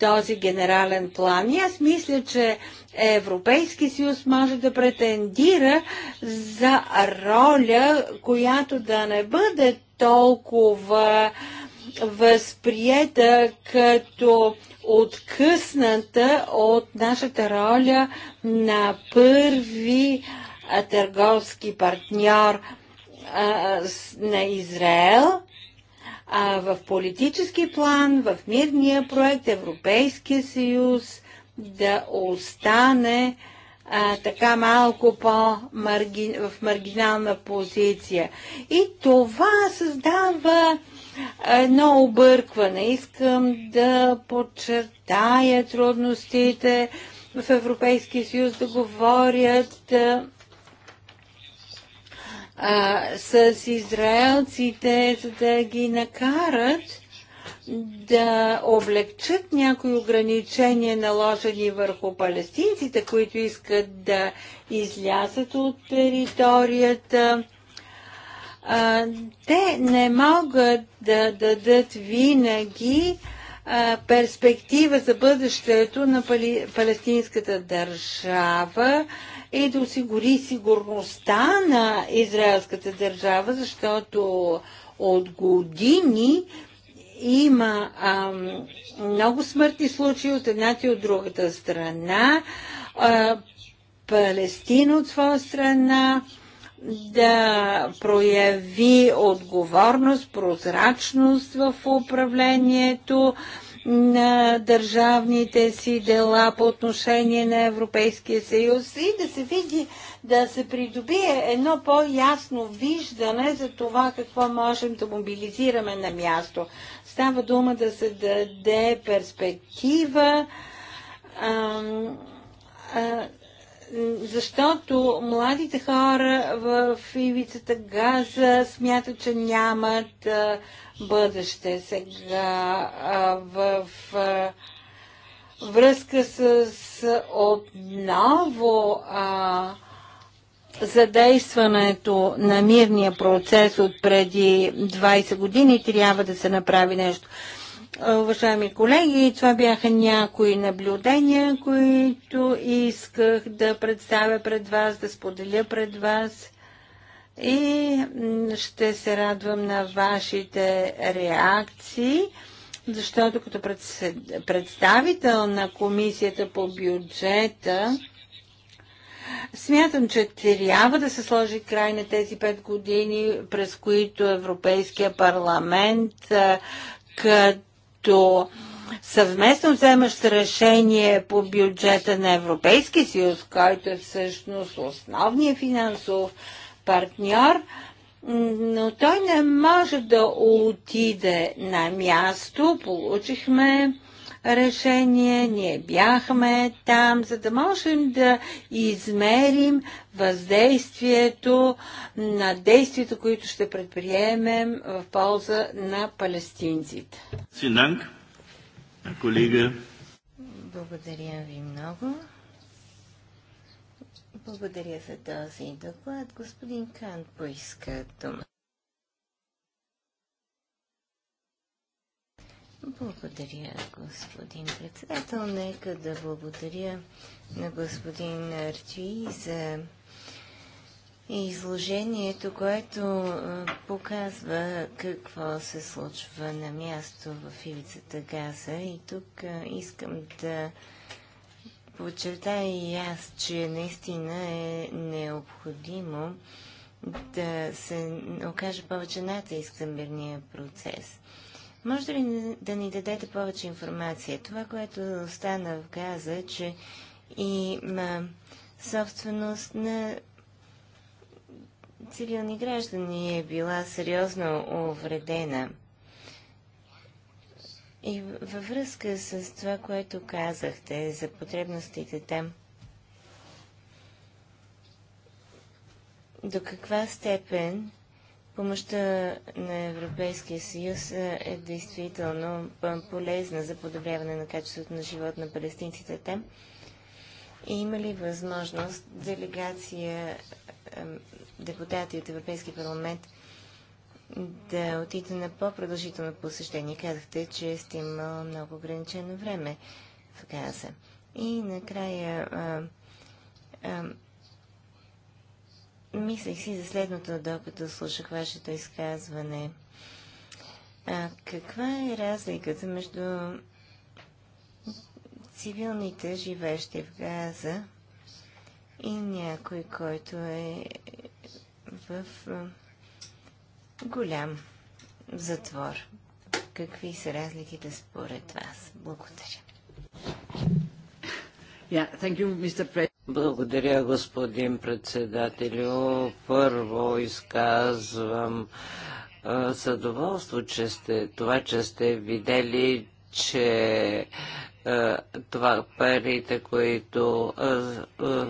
този генерален план. И аз мисля, че Европейски съюз може да претендира за роля, която да не бъде толкова а, възприета като откъсната от нашата роля на първи търговски партньор на Израел в политически план, в мирния проект Европейския съюз да остане а, така малко по в маргинална позиция. И това създава едно объркване. Искам да подчертая трудностите в Европейския съюз да говорят а, с израелците, за да ги накарат да облегчат някои ограничения, наложени върху палестинците, които искат да излязат от територията а, те не могат да дадат винаги а, перспектива за бъдещето на пали, палестинската държава и да осигури сигурността на израелската държава, защото от години има а, много смъртни случаи от едната и от другата страна. А, Палестина от своя страна да прояви отговорност, прозрачност в управлението на държавните си дела по отношение на Европейския съюз и да се види, да се придобие едно по-ясно виждане за това какво можем да мобилизираме на място. Става дума да се даде перспектива. А, а, защото младите хора в ивицата Газа смятат, че нямат бъдеще сега в връзка с, отново задействането на мирния процес от преди 20 години трябва да се направи нещо. Уважаеми колеги, това бяха някои наблюдения, които исках да представя пред вас, да споделя пред вас и ще се радвам на вашите реакции, защото като представител на Комисията по бюджета Смятам, че трябва да се сложи край на тези пет години, през които Европейския парламент като като съвместно вземащ решение по бюджета на Европейския съюз, който е всъщност основният финансов партньор, но той не може да отиде на място. Получихме решение. Ние бяхме там, за да можем да измерим въздействието на действията, които ще предприемем в полза на палестинците. Синанг, колега. Благодаря ви много. Благодаря за този доклад. Господин Кан поиска дума. Благодаря, господин председател. Нека да благодаря на господин Арчи за изложението, което показва какво се случва на място в ивицата Газа. И тук искам да подчертая и аз, че наистина е необходимо да се окаже повече натиск за мирния процес. Може ли да ни дадете повече информация? Това, което стана в Газа, че има собственост на цивилни граждани е била сериозно увредена. И във връзка с това, което казахте за потребностите там, до каква степен Помощта на Европейския съюз е, е действително е, полезна за подобряване на качеството на живот на палестинците там. Има ли възможност делегация е, депутати от Европейския парламент да отиде на по-продължително посещение? Казахте, че сте имал много ограничено време в Газа. И накрая а, а, Мислех си за следното, докато слушах вашето изказване. А, каква е разликата между цивилните, живещи в Газа и някой, който е в голям затвор? Какви са разликите според вас? Благодаря. Yeah, thank you, Mr. Благодаря, господин председателю. Първо изказвам съдоволство, че сте, това, че сте видели, че това парите, които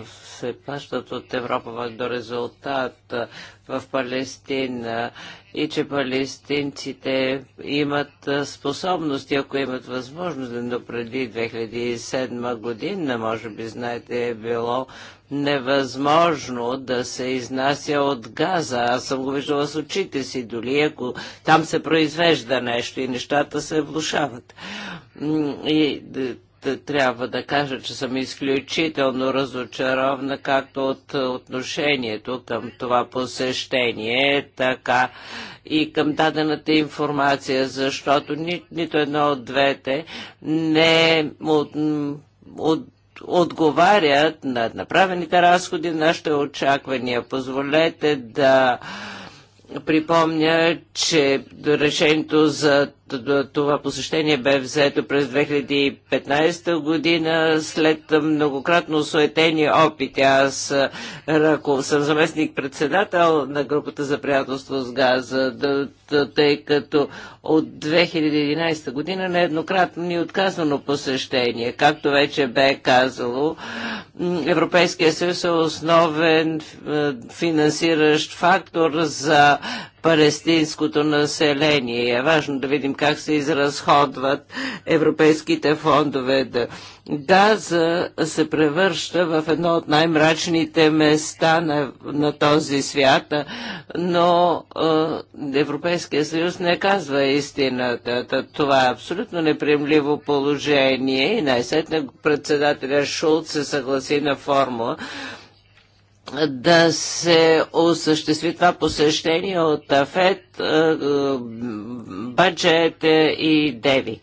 се плащат от Европа до резултат в Палестина и че палестинците имат способности, ако имат възможност, но преди 2007 година, може би знаете, е било невъзможно да се изнася от газа. Аз съм го виждала с очите си, дори ако там се произвежда нещо и нещата се влушават. И е, трябва да кажа, че съм изключително разочарована както от отношението към това посещение, така и към дадената информация, защото ни, нито едно от двете не от, от отговарят на направените разходи, нашите очаквания. Позволете да припомня, че решението за това посещение бе взето през 2015 година след многократно суетени опити. Аз ръков, съм заместник-председател на групата за приятелство с газа, тъй като от 2011 година нееднократно ни е отказано посещение. Както вече бе казало, Европейския съюз е основен финансиращ фактор за палестинското население. Е важно да видим как се изразходват европейските фондове. Да, Газа се превръща в едно от най-мрачните места на, на този свят, но е, Европейския съюз не казва истината. Това е абсолютно неприемливо положение и най-сетне председателя Шулц се съгласи на формула да се осъществи това посещение от Афет, Баджет и Деви.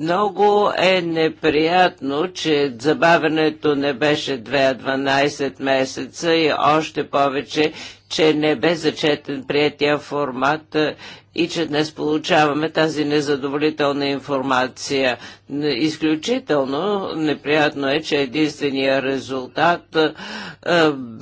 Много е неприятно, че забавянето не беше 2-12 месеца и още повече, че не бе зачетен приятия формат и че днес получаваме тази незадоволителна информация. Изключително неприятно е, че единствения резултат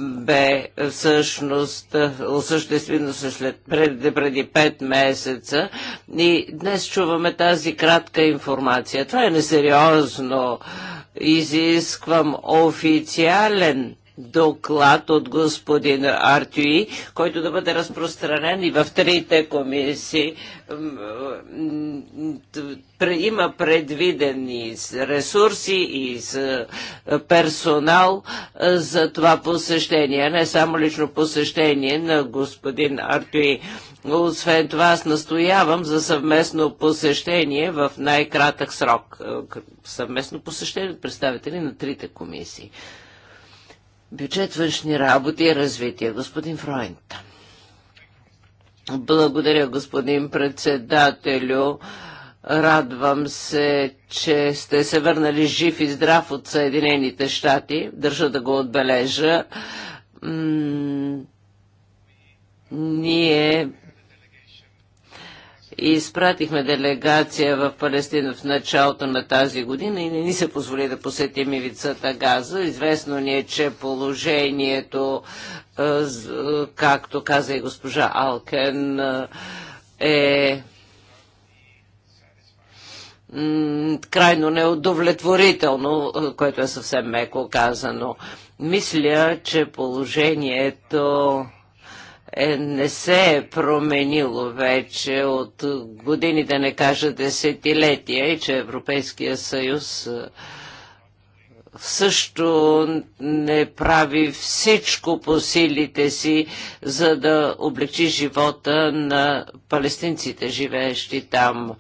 бе всъщност осъществено след, преди, преди 5 месеца и днес чуваме тази кратка информация. Това е несериозно. Изисквам официален доклад от господин Артюи, който да бъде разпространен и в трите комисии. Има предвидени ресурси и е, персонал е, за това посещение, не само лично посещение на господин Артюи. Освен това, аз настоявам за съвместно посещение в най-кратък срок. Е, съвместно посещение от представители на трите комисии. Бюджет външни работи и развитие. Господин Фройнт. Благодаря, господин председателю. Радвам се, че сте се върнали жив и здрав от Съединените щати. Държа да го отбележа. М ние Изпратихме делегация в Палестина в началото на тази година и не ни се позволи да посетим ивицата Газа. Известно ни е, че положението, е, е, както каза и госпожа Алкен, е, е крайно неудовлетворително, което е съвсем меко казано. Мисля, че положението е, не се е променило вече от години, да не кажа десетилетия, и че Европейския съюз е, също не прави всичко по силите си, за да облегчи живота на палестинците, живеещи там.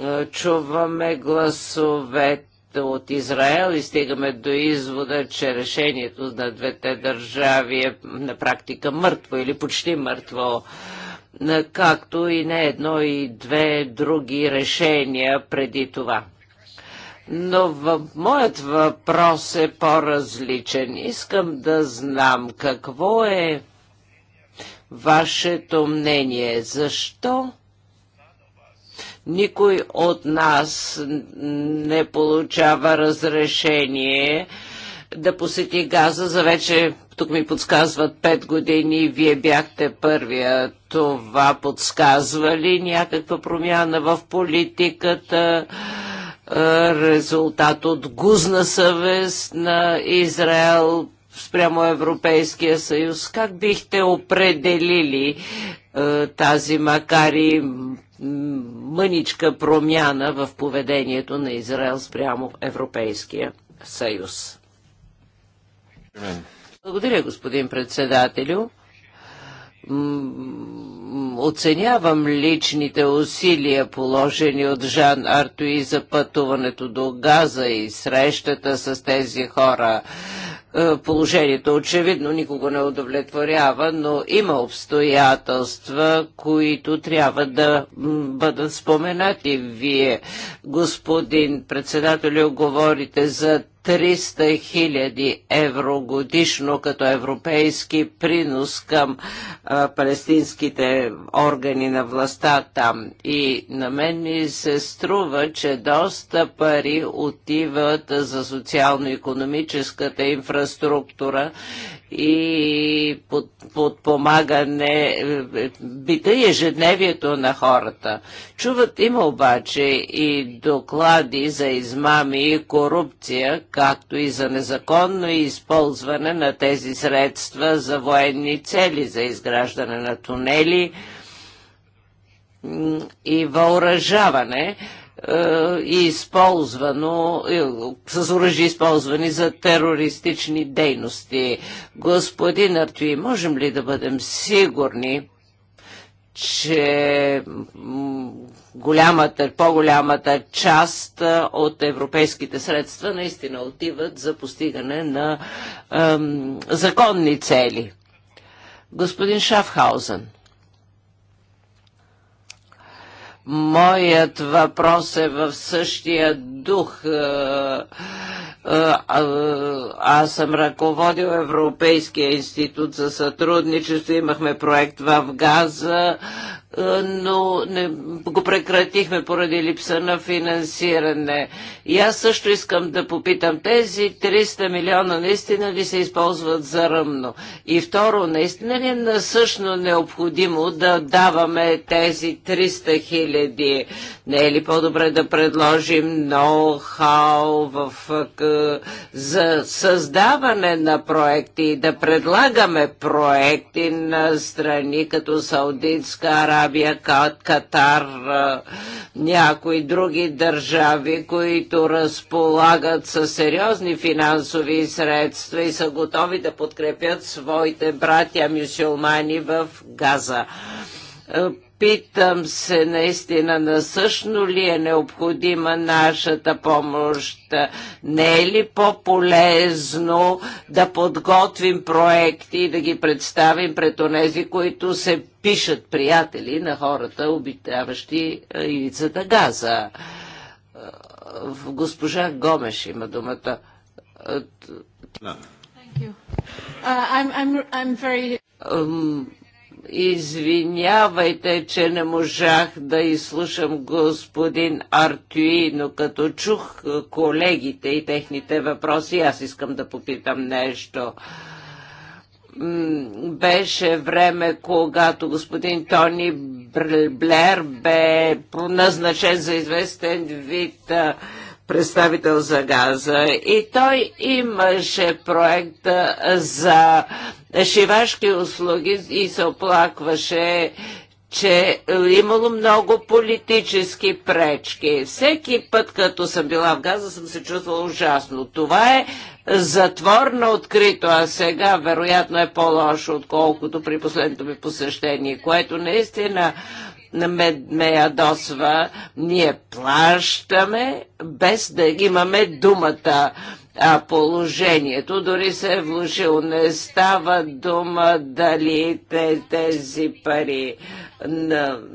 Е, чуваме гласовете от Израел и стигаме до извода, че решението на двете държави е на практика мъртво или почти мъртво както и не едно и две други решения преди това. Но в... моят въпрос е по-различен. Искам да знам какво е вашето мнение. Защо никой от нас не получава разрешение да посети Газа за вече, тук ми подсказват 5 години, вие бяхте първия. Това подсказва ли някаква промяна в политиката? Е, резултат от гузна съвест на Израел спрямо Европейския съюз. Как бихте определили е, тази, макар и мъничка промяна в поведението на Израел спрямо Европейския съюз. Благодаря, господин председателю оценявам личните усилия, положени от Жан Артуи за пътуването до Газа и срещата с тези хора. Е, положението очевидно никого не удовлетворява, но има обстоятелства, които трябва да бъдат споменати. Вие, господин председател, говорите за 300 хиляди евро годишно като европейски принос към а, палестинските органи на властта там. И на мен ми се струва, че доста пари отиват за социално-економическата инфраструктура и под, подпомагане е, е, бита и ежедневието на хората. Чуват има обаче и доклади за измами и корупция, както и за незаконно използване на тези средства за военни цели, за изграждане на тунели и въоръжаване и е, използвано, е, с оръжие използвани за терористични дейности. Господин Артуи, можем ли да бъдем сигурни, че голямата, по-голямата част е, от европейските средства наистина отиват за постигане на ем, законни цели? Господин Шафхаузен. Моят въпрос е в същия дух. Е, е, аз съм ръководил Европейския институт за сътрудничество. Имахме проект в Газа, е, но не го прекратихме поради липса на финансиране. И аз също искам да попитам, тези 300 милиона наистина ли се използват за ръмно? И второ, наистина ли е насъщно необходимо да даваме тези 300 хиляди? Не е ли по-добре да предложим ноу-хау в, е, за създаване на проекти и да предлагаме проекти на страни като Саудитска Арабия? Кат, Катар, някои други държави, които разполагат със сериозни финансови средства и са готови да подкрепят своите братя мюсюлмани в Газа. Е, питам се наистина насъщно ли е необходима нашата помощ? Не е ли по-полезно да подготвим проекти и да ги представим пред онези, които се пишат приятели на хората, обитаващи е, ивицата Газа? Е, госпожа Гомеш има думата. No. Thank you. Uh, I'm, I'm, I'm very Извинявайте, че не можах да изслушам господин Артюи, но като чух колегите и техните въпроси, аз искам да попитам нещо беше време, когато господин Тони Блер бе назначен за известен вид представител за газа и той имаше проект за шивашки услуги и се оплакваше, че имало много политически пречки. Всеки път, като съм била в Газа, съм се чувствала ужасно. Това е затвор на открито, а сега вероятно е по-лошо, отколкото при последното ми посещение, което наистина ме, ме ядосва. Ние плащаме, без да имаме думата а положението дори се е влушило. Не става дума дали те, тези пари,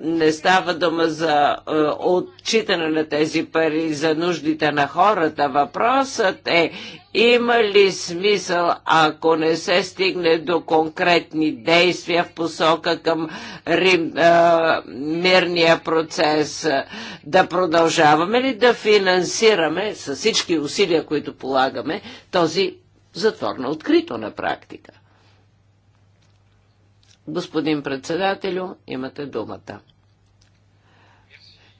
не става дума за е, отчитане на тези пари за нуждите на хората. Въпросът е има ли смисъл, ако не се стигне до конкретни действия в посока към Рим, а, мирния процес, да продължаваме ли да финансираме с всички усилия, които полагаме, този затвор на открито на практика? Господин председателю, имате думата.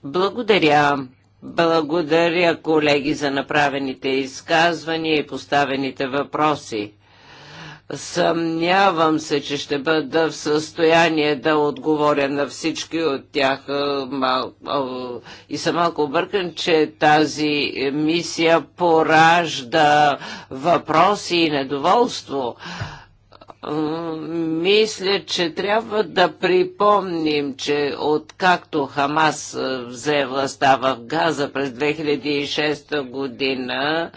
Благодаря. Благодаря, колеги, за направените изказвания и поставените въпроси. Съмнявам се, че ще бъда в състояние да отговоря на всички от тях. Е, и съм малко объркан, че тази мисия поражда въпроси и недоволство мисля, че трябва да припомним, че откакто Хамас е, взе властта в Газа през 2006 година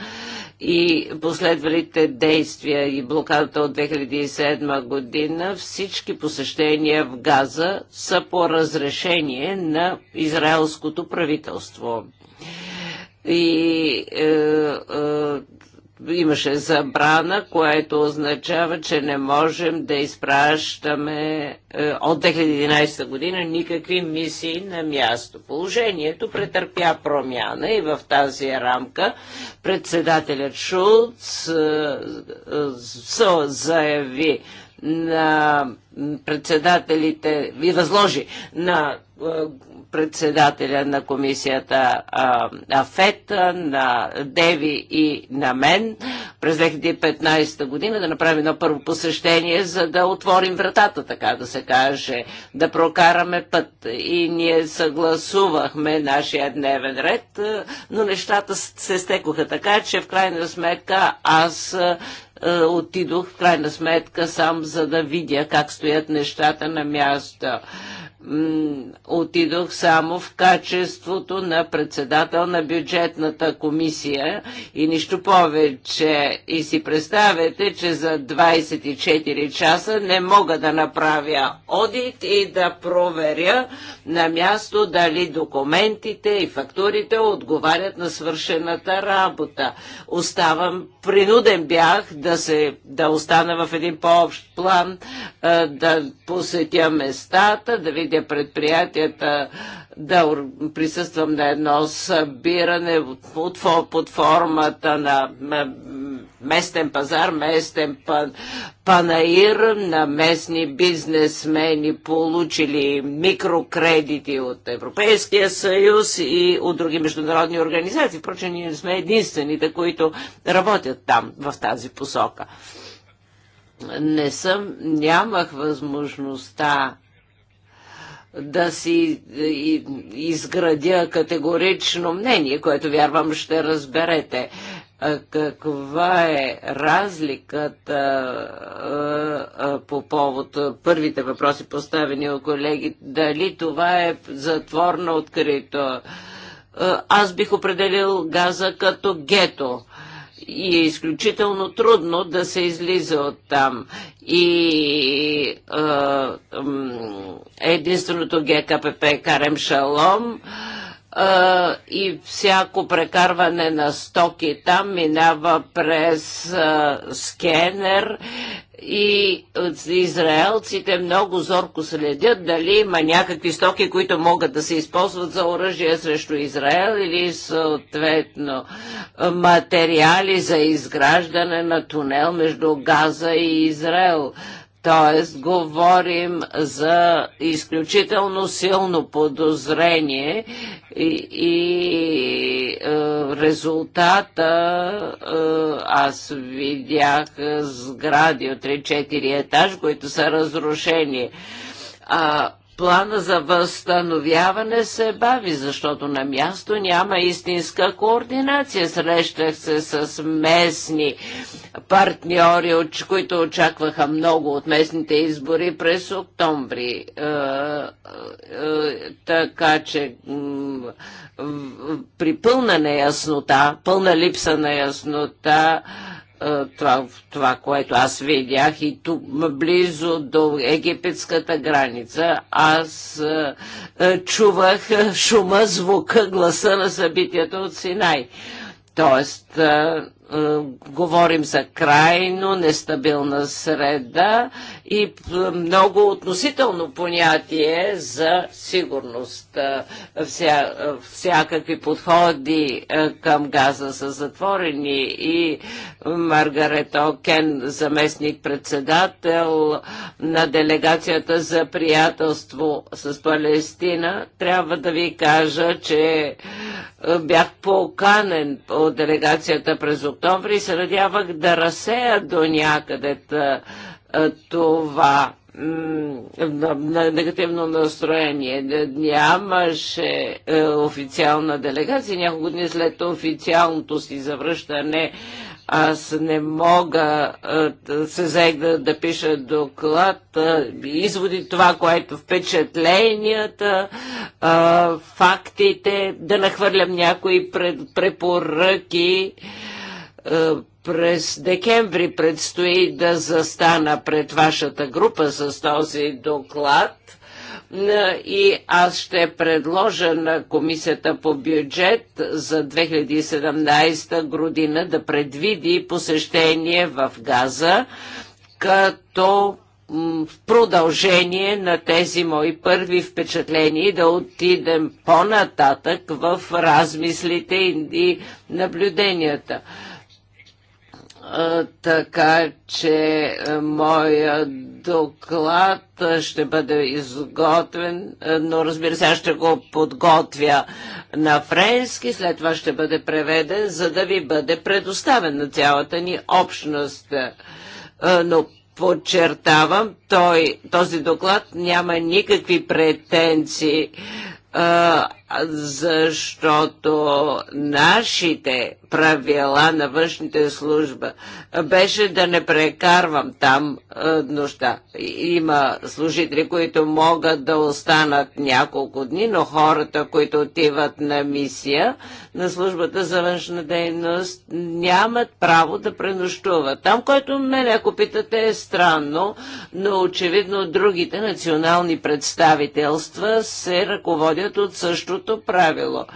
и последвалите действия и блокадата от 2007 година, всички посещения в Газа са по разрешение на израелското правителство. И е, е, имаше забрана, което означава, че не можем да изпращаме е, от 2011 година никакви мисии на място. Положението претърпя промяна и в тази рамка председателят Шулц е, е, заяви на председателите и възложи на председателя на комисията АФЕТ, на Деви и на мен през 2015 година да направим едно първо посещение, за да отворим вратата, така да се каже, да прокараме път. И ние съгласувахме нашия дневен ред, но нещата се стекоха така, че в крайна сметка аз отидох в крайна сметка сам, за да видя как стоят нещата на място отидох само в качеството на председател на бюджетната комисия и нищо повече. И си представете, че за 24 часа не мога да направя одит и да проверя на място дали документите и фактурите отговарят на свършената работа. Оставам, принуден бях да, се, да остана в един по-общ план, да посетя местата, да видя средните предприятията да присъствам на едно събиране под формата на местен пазар, местен пан, панаир на местни бизнесмени, получили микрокредити от Европейския съюз и от други международни организации. Впрочем, ние сме единствените, които работят там, в тази посока. Не съм, нямах възможността да си изградя категорично мнение, което вярвам ще разберете. Каква е разликата по повод първите въпроси поставени от колеги? Дали това е затворно открито? Аз бих определил газа като гето и е изключително трудно да се излиза от там. И е, единственото ГКПП е Карем Шалом и всяко прекарване на стоки там минава през скенер и е, израелците много зорко следят дали има някакви стоки, които могат да се използват за оръжие срещу Израел или съответно е, материали за изграждане на тунел между Газа и Израел т.е. говорим за изключително силно подозрение и, и е, резултата, е, аз видях сгради от 3-4 етаж, които са разрушени. А, плана за възстановяване се бави, защото на място няма истинска координация. Срещах се с местни партньори, които очакваха много от местните избори през октомври. Е, е, е, така че при пълна неяснота, пълна липса на яснота, е, това, това, което аз видях и тук, близо до египетската граница, аз е, е, чувах шума, звука, гласа на събитията от Синай. Тоест, говорим за крайно нестабилна среда и е, много относително понятие за сигурност. Е, вся, е, всякакви подходи към газа са затворени и Маргарет Окен, заместник-председател на делегацията за приятелство с Палестина, трябва да ви кажа, че бях поканен от делегацията през октомври и се надявах да разсея до някъде това на негативно настроение. Нямаше е, официална делегация. Няколко дни след официалното си завръщане аз не мога е, да се заех да, да пиша доклад, е, изводи това, което впечатленията, фактите, да нахвърлям някои препоръки през декември предстои да застана пред вашата група с този доклад и аз ще предложа на Комисията по бюджет за 2017 година да предвиди посещение в Газа като в продължение на тези мои първи впечатления да отидем по-нататък в размислите и наблюденията така че е, моя доклад е, ще бъде изготвен, е, но разбира се, аз ще го подготвя на френски, след това ще бъде преведен, за да ви бъде предоставен на цялата ни общност. Но подчертавам, той, този доклад няма никакви претенции защото нашите правила на външните служба беше да не прекарвам там нощта. Има служители, които могат да останат няколко дни, но хората, които отиват на мисия на службата за външна дейност, нямат право да пренощуват. Там, което мен, ако питате, е странно, но очевидно другите национални представителства се ръководят от същото общото правило.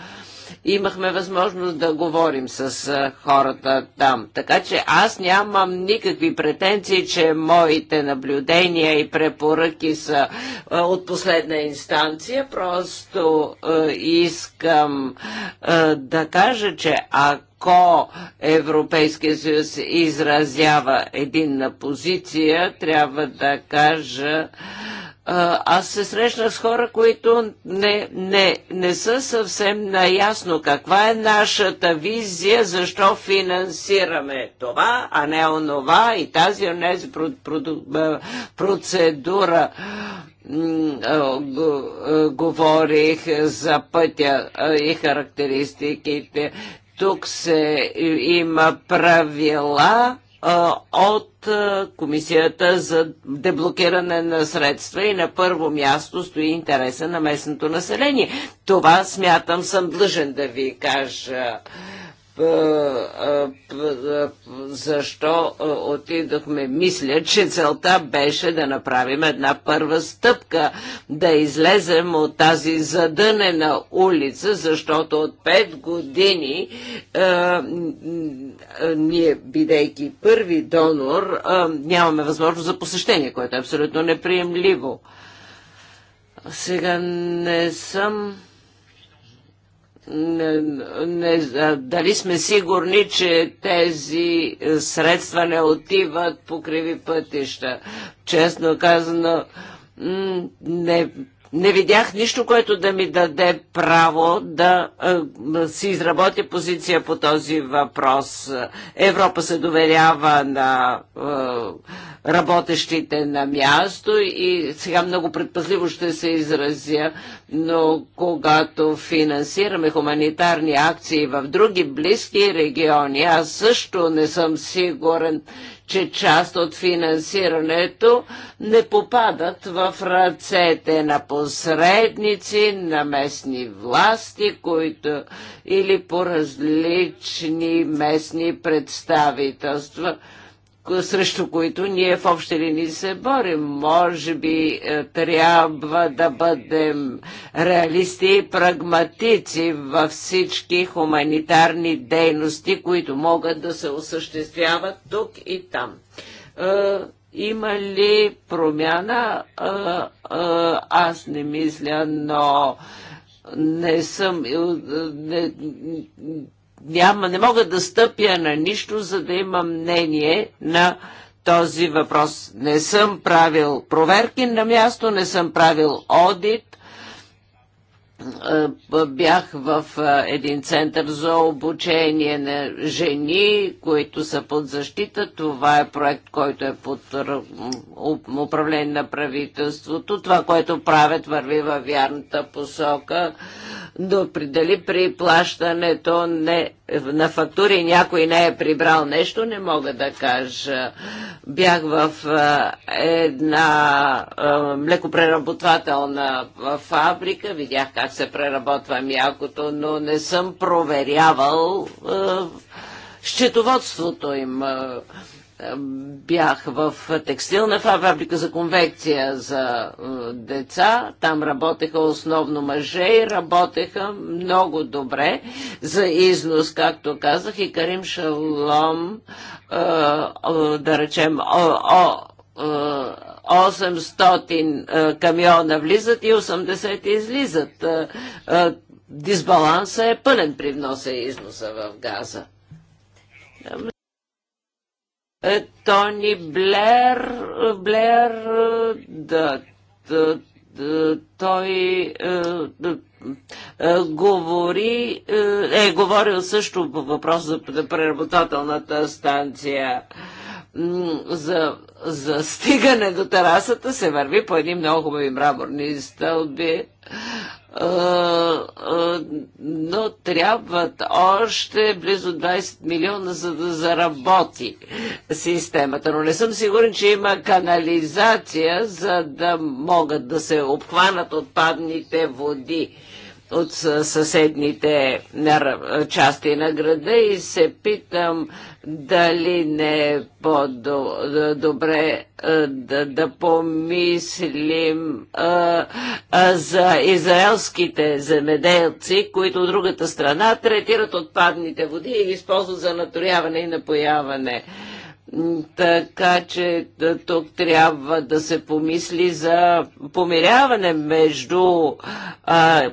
Имахме възможност да говорим с хората там. Така че аз нямам никакви претенции, че моите наблюдения и препоръки са от последна инстанция. Просто искам да кажа, че ако ако Европейския съюз изразява единна позиция, трябва да кажа, аз се срещнах с хора, които не, не, не са съвсем наясно каква е нашата визия, защо финансираме това, а не онова и тази онези процедура. Говорих за пътя и характеристиките. Тук се има правила, от Комисията за деблокиране на средства и на първо място стои интереса на местното население. Това смятам съм длъжен да ви кажа. Е, е, е, защо отидохме. Мисля, че целта беше да направим една първа стъпка, да излезем от тази задънена улица, защото от пет години ние, бидейки първи донор, нямаме възможност за посещение, което е абсолютно неприемливо. Сега не съм не, не, дали сме сигурни, че тези е, средства не отиват по криви пътища. Честно казано, не не видях нищо, което да ми даде право да е, си изработя позиция по този въпрос. Европа се доверява на е, работещите на място и сега много предпазливо ще се изразя, но когато финансираме хуманитарни акции в други близки региони, аз също не съм сигурен, че част от финансирането не попадат в ръцете на посредници, на местни власти, които или по различни местни представителства срещу които ние в общи линии се борим. Може би е, трябва да бъдем реалисти и прагматици във всички хуманитарни дейности, които могат да се осъществяват тук и там. Е, има ли промяна? Е, аз не мисля, но не съм, няма, не мога да стъпя на нищо, за да имам мнение на този въпрос. Не съм правил проверки на място, не съм правил одит, е, бях в е, един център за обучение на жени, които са под защита. Това е проект, който е под управление на правителството. Това, което правят, върви във вярната посока. Но дали при плащането не, на фактури някой не е прибрал нещо, не мога да кажа. Бях в е, една млекопреработвателна фабрика, видях как как се преработва якото, но не съм проверявал е, счетоводството им. Е, е бях в текстилна фабрика за конвекция за е, деца. Там работеха основно мъже и работеха много добре за износ, както казах. И Карим Шалом, е, да речем, о, о, 800 камиона влизат и 80 излизат. Дисбаланса е пълен при вноса и износа в газа. Е, Тони Блер, Блер, да, да, да той да, говори, е говорил също по въпроса за преработателната станция за, за стигане до терасата се върви по едни много хубави мраморни стълби, но трябват още близо 20 милиона, за да заработи системата. Но не съм сигурен, че има канализация, за да могат да се обхванат отпадните води от съседните части на града и се питам дали не е по-добре да, да помислим а, а, за израелските земеделци, които от другата страна третират отпадните води и ги използват за наторяване и напояване. А, така че тук трябва да се помисли за помиряване между а,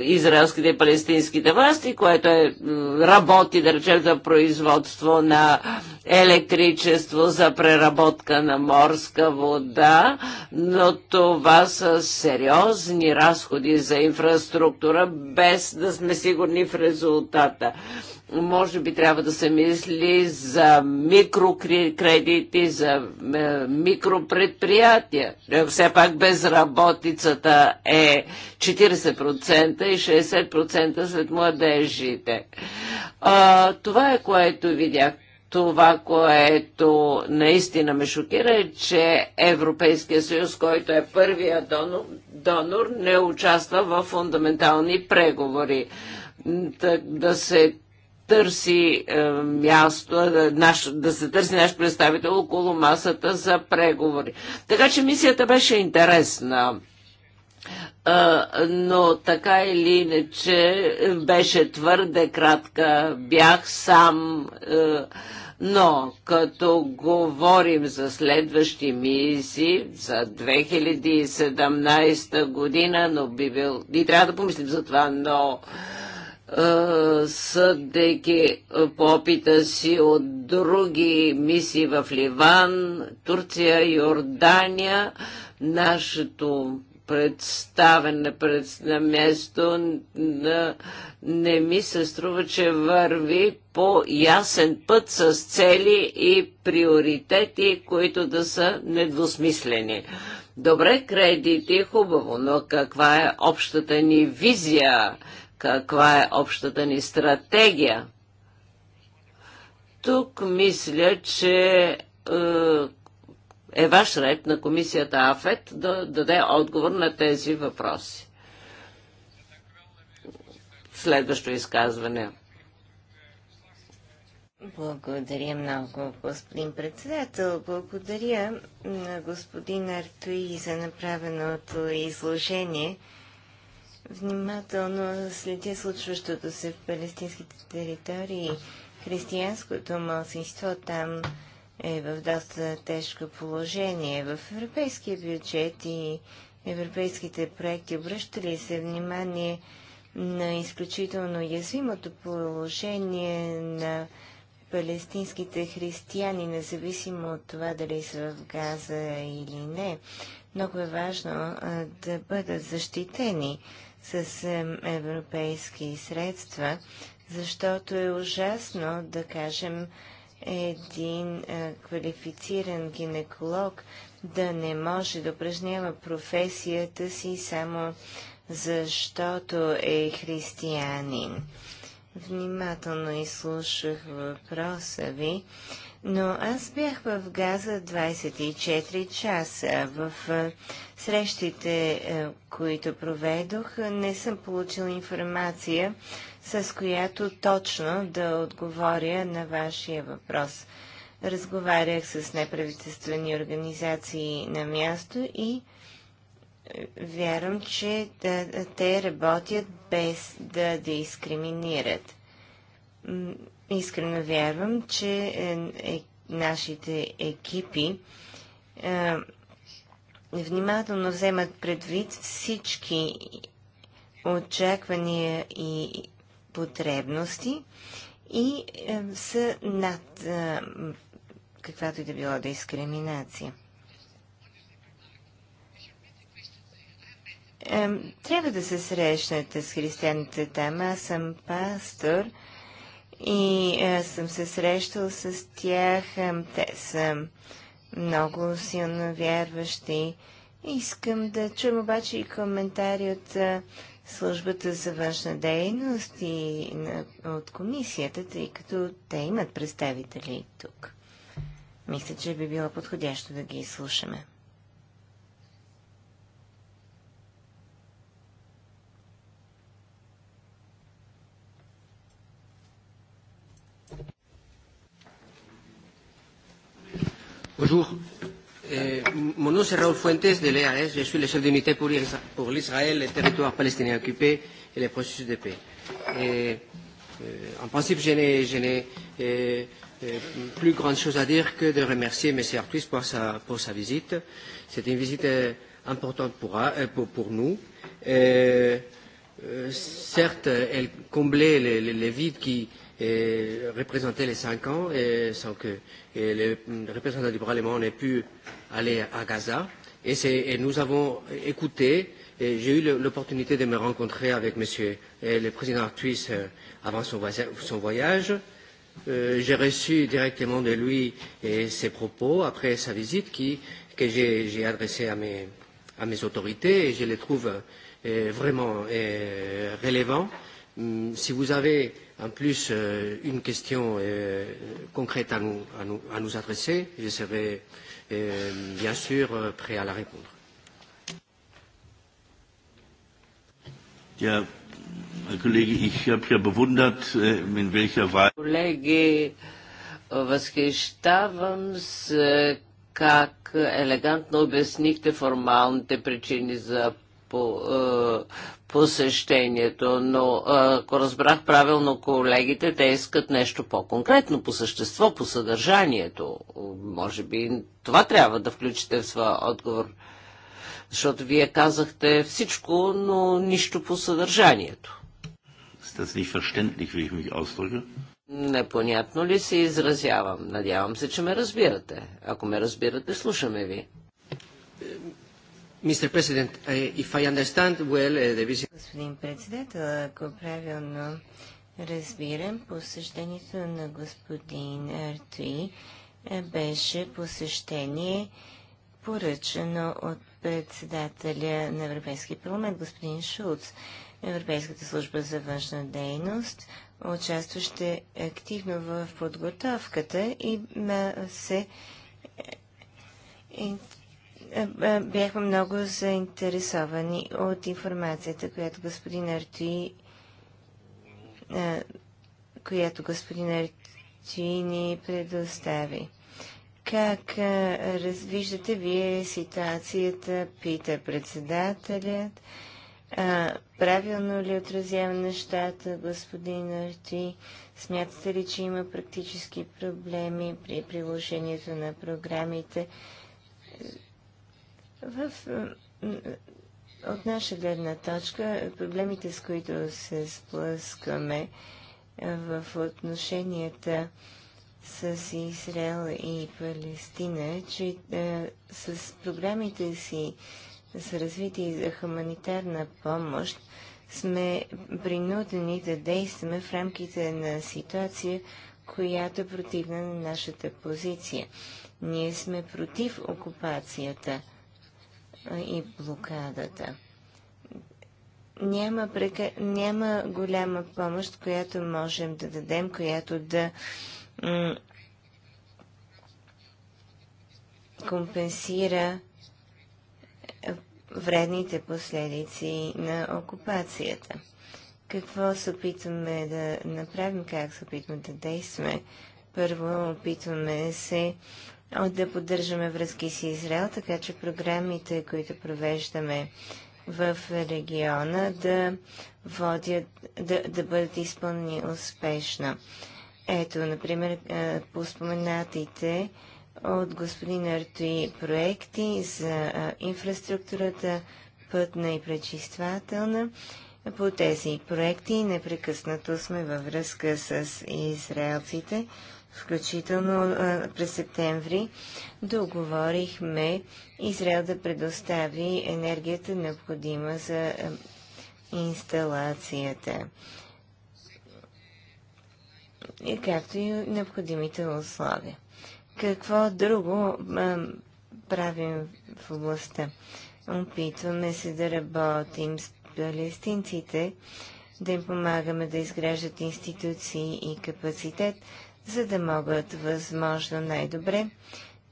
израелските и палестинските власти, което е, работи, да речем, за производство на електричество, за преработка на морска вода, но това са сериозни разходи за инфраструктура, без да сме сигурни в резултата може би трябва да се мисли за микрокредити, за е, микропредприятия. Е, все пак безработицата е 40% и 60% след младежите. А, това е което видях. Това, което наистина ме шокира е, че Европейския съюз, който е първия донор, донор не участва в фундаментални преговори да се търси е, място, е, наш, да се търси наш представител около масата за преговори. Така че мисията беше интересна е, но така или иначе беше твърде кратка. Бях сам. Е, но като говорим за следващи мисии за 2017 година, но би бил... И трябва да помислим за това, но съдейки по опита си от други мисии в Ливан, Турция, Йордания, нашето представене пред на място не, не ми се струва, че върви по ясен път с цели и приоритети, които да са недвусмислени. Добре, кредити, хубаво, но каква е общата ни визия? каква е общата ни стратегия. Тук мисля, че е, е ваш ред на комисията АФЕТ да даде отговор на тези въпроси. Следващо изказване. Благодаря много, господин председател. Благодаря на господин Артуи за направеното изложение. Внимателно следя случващото се в палестинските територии. Християнското малцинство там е в доста тежко положение. В европейския бюджет и европейските проекти обръщали се внимание на изключително язвимото положение на палестинските християни, независимо от това дали са в Газа или не. Много е важно а, да бъдат защитени с европейски средства, защото е ужасно да кажем един е, квалифициран гинеколог да не може да упражнява професията си само защото е християнин. Внимателно изслушах въпроса ви но аз бях в Газа 24 часа. В срещите, които проведох, не съм получила информация, с която точно да отговоря на вашия въпрос. Разговарях с неправителствени организации на място и вярвам, че да, те работят без да дискриминират. Искрено вярвам, че е, е, нашите екипи е, внимателно вземат предвид всички очаквания и потребности и е, са над е, каквато и да било дискриминация. Е, трябва да се срещнете с християните там. Аз съм пастор и а, е, съм се срещал с тях. Е, те са много силно вярващи. Искам да чуем обаче и коментари от а, е, службата за външна дейност и на, от комисията, тъй като те имат представители тук. Мисля, че би било подходящо да ги изслушаме. Bonjour. Euh, mon nom c'est Raoul Fuentes de l'EAS. Je suis le chef d'unité pour, l'Israël, les territoires palestiniens occupés et les processus de paix. Et, euh, en principe, je n'ai, je n'ai euh, plus grande chose à dire que de remercier M. Artuis pour sa, pour sa visite. C'est une visite euh, importante pour, pour, pour nous. Et, euh, certes, elle comblait les, les, les vides qui, euh, et représenter les cinq ans et sans que et les représentants du Parlement n'aient pu aller à Gaza. Et, et nous avons écouté, et j'ai eu l'opportunité de me rencontrer avec monsieur et le président Artuis avant son, son voyage. Euh, j'ai reçu directement de lui et ses propos après sa visite qui, que j'ai adressé à mes, à mes autorités et je les trouve euh, vraiment euh, relevants. Si vous avez euh, en plus euh, une question euh, concrète à nous, à, nous, à nous adresser, je serai euh, bien sûr euh, prêt à la répondre. Ja, възхищавам се как елегантно обяснихте формалните причини за по е, посещението, но е, ако разбрах правилно колегите, те искат нещо по-конкретно по същество, по съдържанието. Може би това трябва да включите в своя отговор, защото вие казахте всичко, но нищо по съдържанието. Непонятно ли се изразявам? Надявам се, че ме разбирате. Ако ме разбирате, слушаме ви. Е, Mr. President, eh, if I understand well, eh, the visit... Господин председател, ако правилно разбирам, посещението на господин Артуи е, беше посещение поръчано от председателя на Европейския парламент, господин Шулц. Европейската служба за външна дейност участваше активно в подготовката и се е, е, е, бяхме много заинтересовани от информацията, която господин Арти е, която господин Арчи ни предостави. Как развиждате вие ситуацията, пита председателят. правилно ли отразява нещата, господин Арчи? Смятате ли, че има практически проблеми при приложението на програмите? В, от наша гледна точка, проблемите, с които се сплъскаме в отношенията с Израел и Палестина, че е, с програмите си за развитие за хуманитарна помощ сме принудени да действаме в рамките на ситуация, която е противна на нашата позиция. Ние сме против окупацията и блокадата. Няма, прека... няма голяма помощ, която можем да дадем, която да компенсира е, вредните последици на окупацията. Какво се опитваме да направим, как се опитваме да действаме? Първо опитваме се да поддържаме връзки с Израел, така че програмите, които провеждаме в региона, да, водят, да, да бъдат изпълнени успешно. Ето, например, по споменатите от господин Артуи проекти за инфраструктурата пътна и пречиствателна. По тези проекти непрекъснато сме във връзка с израелците, Включително през септември договорихме Израел да предостави енергията необходима за инсталацията, както и необходимите условия. Какво друго а, правим в областта? Опитваме се да работим с палестинците, да им помагаме да изграждат институции и капацитет, за да могат възможно най-добре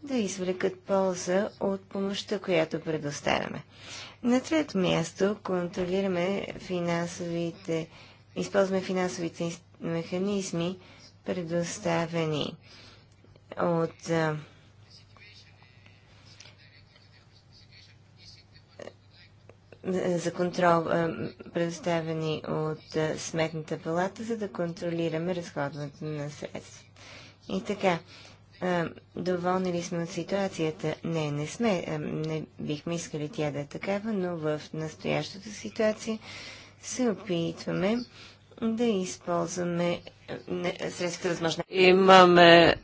да извлекат полза от помощта, която предоставяме. На трето място контролираме финансовите, използваме финансовите механизми, предоставени от за контрол, предоставени от Сметната палата, за да контролираме разходването на средства. И така, доволни ли сме от ситуацията? Не, не сме. Не бихме искали тя да е такава, но в настоящата ситуация се опитваме да използваме средствата възможно. Имаме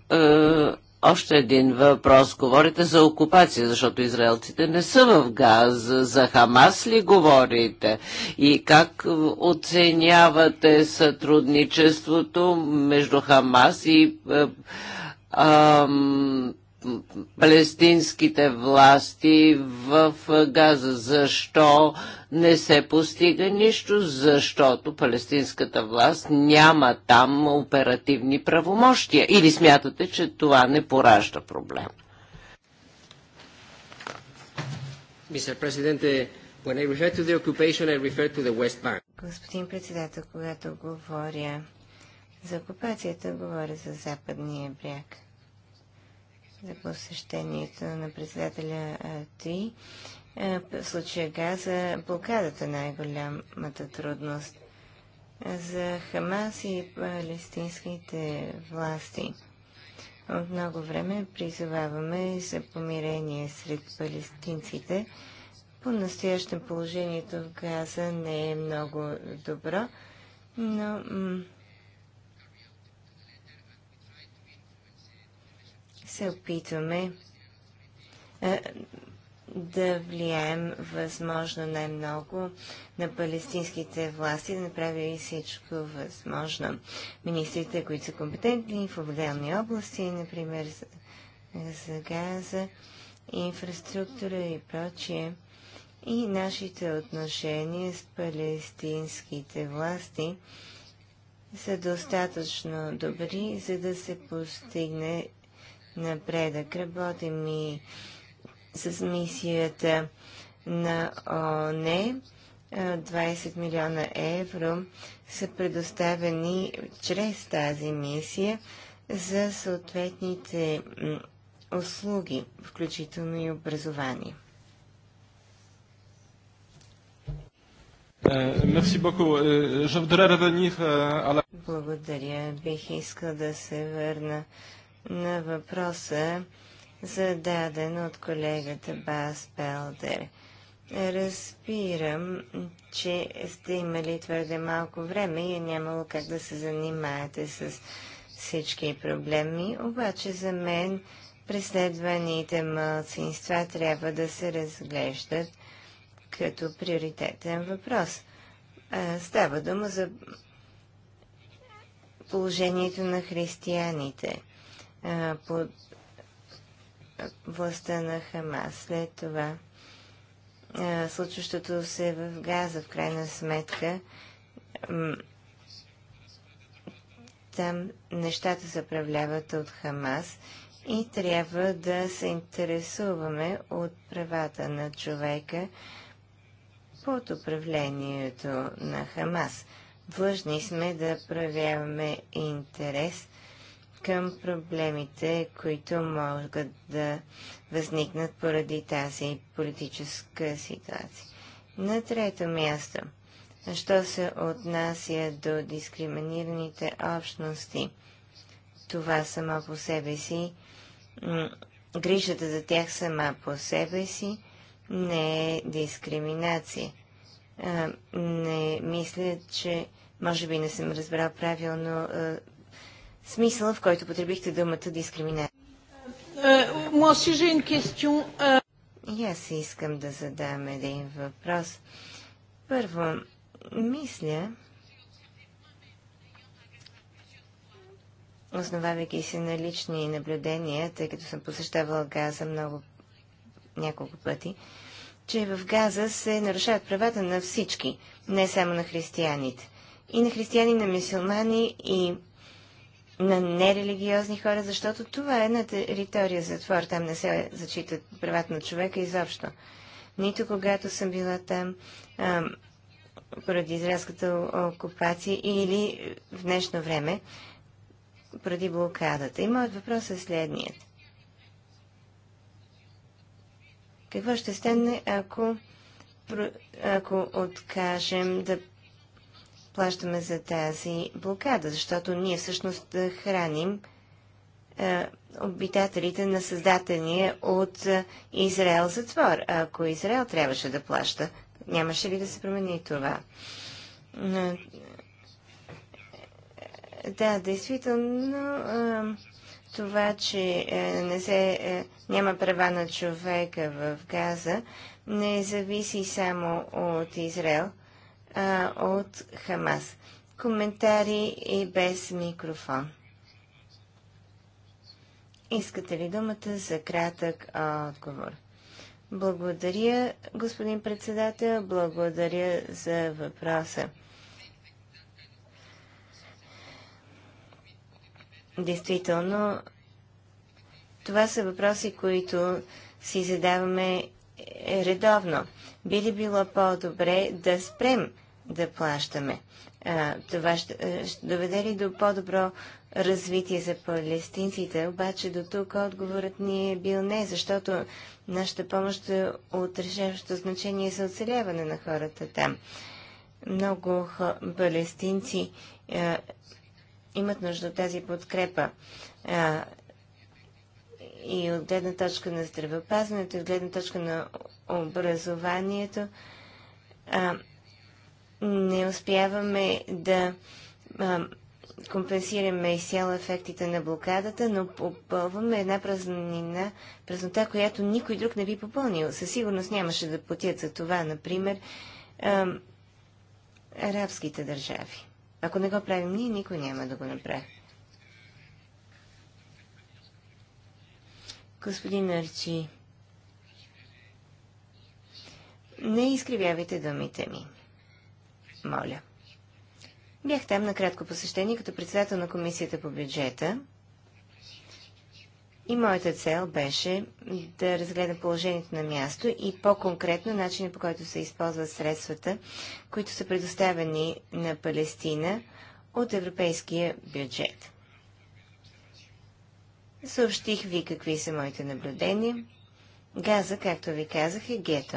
още един въпрос. Говорите за окупация, защото израелците не са в Газа. За Хамас ли говорите? И как оценявате сътрудничеството между Хамас и е, палестинските власти в Газа. Защо не се постига нищо? Защото палестинската власт няма там оперативни правомощия. Или смятате, че това не поражда проблем? Мистер Президенте, Господин председател, когато говоря за окупацията, говоря за Западния бряг за посещението на председателя Ти. В случая Газа блокадата е най-голямата трудност за Хамас и палестинските власти. От много време призоваваме за помирение сред палестинците. По-настоящем положението в Газа не е много добро, но се опитваме да влияем възможно най-много на палестинските власти, да направим всичко възможно. Министрите, които са компетентни в отделни области, например за, за газа, инфраструктура и прочие, и нашите отношения с палестинските власти са достатъчно добри, за да се постигне напредък. Работим и с мисията на ООН. 20 милиона евро са предоставени чрез тази мисия за съответните услуги, включително и образование. Е, е, е, Благодаря. Бих искал да се върна на въпроса, зададен от колегата Бас Пелдер. Разбирам, че сте имали твърде малко време и е нямало как да се занимаете с всички проблеми, обаче за мен преследваните мълцинства трябва да се разглеждат като приоритетен въпрос. Става дума за положението на християните под властта на Хамас. След това случващото се в Газа, в крайна сметка, там нещата се правляват от Хамас и трябва да се интересуваме от правата на човека под управлението на Хамас. Длъжни сме да проявяваме интерес към проблемите, които могат да възникнат поради тази политическа ситуация. На трето място, що се отнася до дискриминираните общности, това само по себе си, грижата за тях сама по себе си не е дискриминация. не мисля, че може би не съм разбрал правилно смисъла, в който потребихте думата дискриминация. Е, е е. И аз искам да задам един въпрос. Първо, мисля, основавайки се на лични наблюдения, тъй като съм посещавала Газа много няколко пъти, че в Газа се нарушават правата на всички, не само на християните. И на християни, и на мисулмани, и на нерелигиозни хора, защото това е една територия затвор. Там не се зачитат правата на човека изобщо. Нито когато съм била там а, поради израелската окупация или в днешно време поради блокадата. И моят въпрос е следният. Какво ще стане, ако, ако откажем да плащаме за тази блокада, защото ние всъщност е, храним е, обитателите на създателния от е, Израел затвор. Ако Израел трябваше да плаща, нямаше ли да се промени това? Но, е, да, действително това, че не се, няма права на човека в Газа, не зависи само от Израел – а, от Хамас. Коментари и без микрофон. Искате ли думата за кратък отговор? Благодаря, господин председател. Благодаря за въпроса. Действително, това са въпроси, които си задаваме редовно. Би ли било по-добре да спрем да плащаме. А, това ще, е, ще доведе ли до по-добро развитие за палестинците? Обаче до тук отговорът ни е бил не, защото нашата помощ е от решаващо значение за оцеляване на хората там. Много хо, палестинци а, е, имат нужда от тази подкрепа. А, и от гледна точка на здравеопазването, и от гледна точка на образованието. А, не успяваме да а, компенсираме изцяло ефектите на блокадата, но попълваме една празнина, празнота, която никой друг не би попълнил. Със сигурност нямаше да платят за това, например, а, арабските държави. Ако не го правим ние, никой няма да го направи. Господин Арчи, не изкривявайте думите ми моля. Бях там на кратко посещение като председател на комисията по бюджета и моята цел беше да разгледам положението на място и по-конкретно начина по който се използват средствата, които са предоставени на Палестина от европейския бюджет. Съобщих ви какви са моите наблюдения. Газа, както ви казах, е гето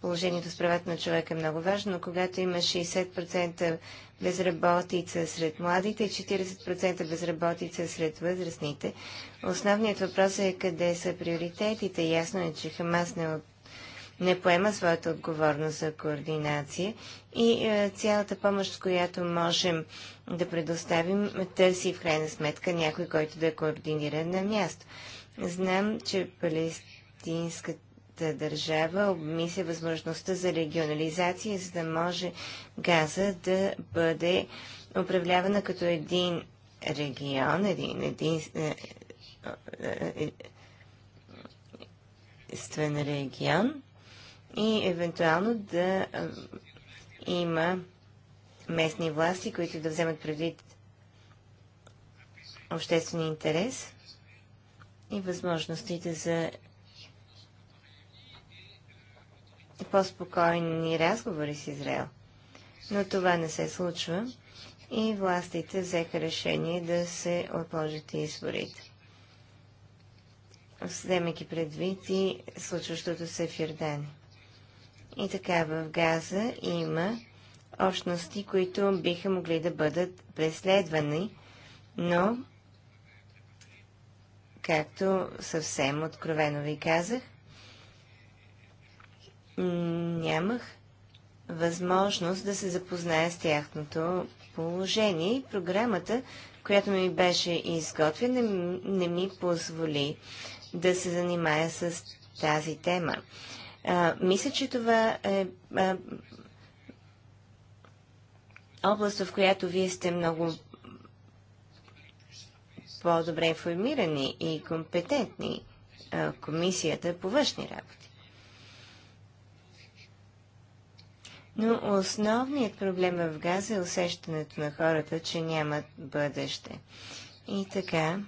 положението с правата на човека е много важно, но когато има 60% безработица сред младите и 40% безработица сред възрастните, основният въпрос е къде са приоритетите. Ясно е, че Хамас не, от... не поема своята отговорност за координация и е, цялата помощ, която можем да предоставим, търси в крайна сметка някой, който да е координира на място. Знам, че палестинската държава обмисля възможността за регионализация, за да може газа да бъде управлявана като един регион, един, един е, е, регион и евентуално да е, има местни власти, които да вземат предвид обществен интерес и възможностите за по-спокойни разговори с Израел. Но това не се случва и властите взеха решение да се отложат изборите. Вземайки предвид и случващото се в Йордания. И така в Газа има общности, които биха могли да бъдат преследвани, но, както съвсем откровено ви казах, нямах възможност да се запозная с тяхното положение. Програмата, която ми беше изготвена, не ми позволи да се занимая с тази тема. А, мисля, че това е а, област, в която вие сте много по-добре информирани и компетентни а, комисията по външни работи. Но основният проблем в Газа е усещането на хората, че нямат бъдеще. И така,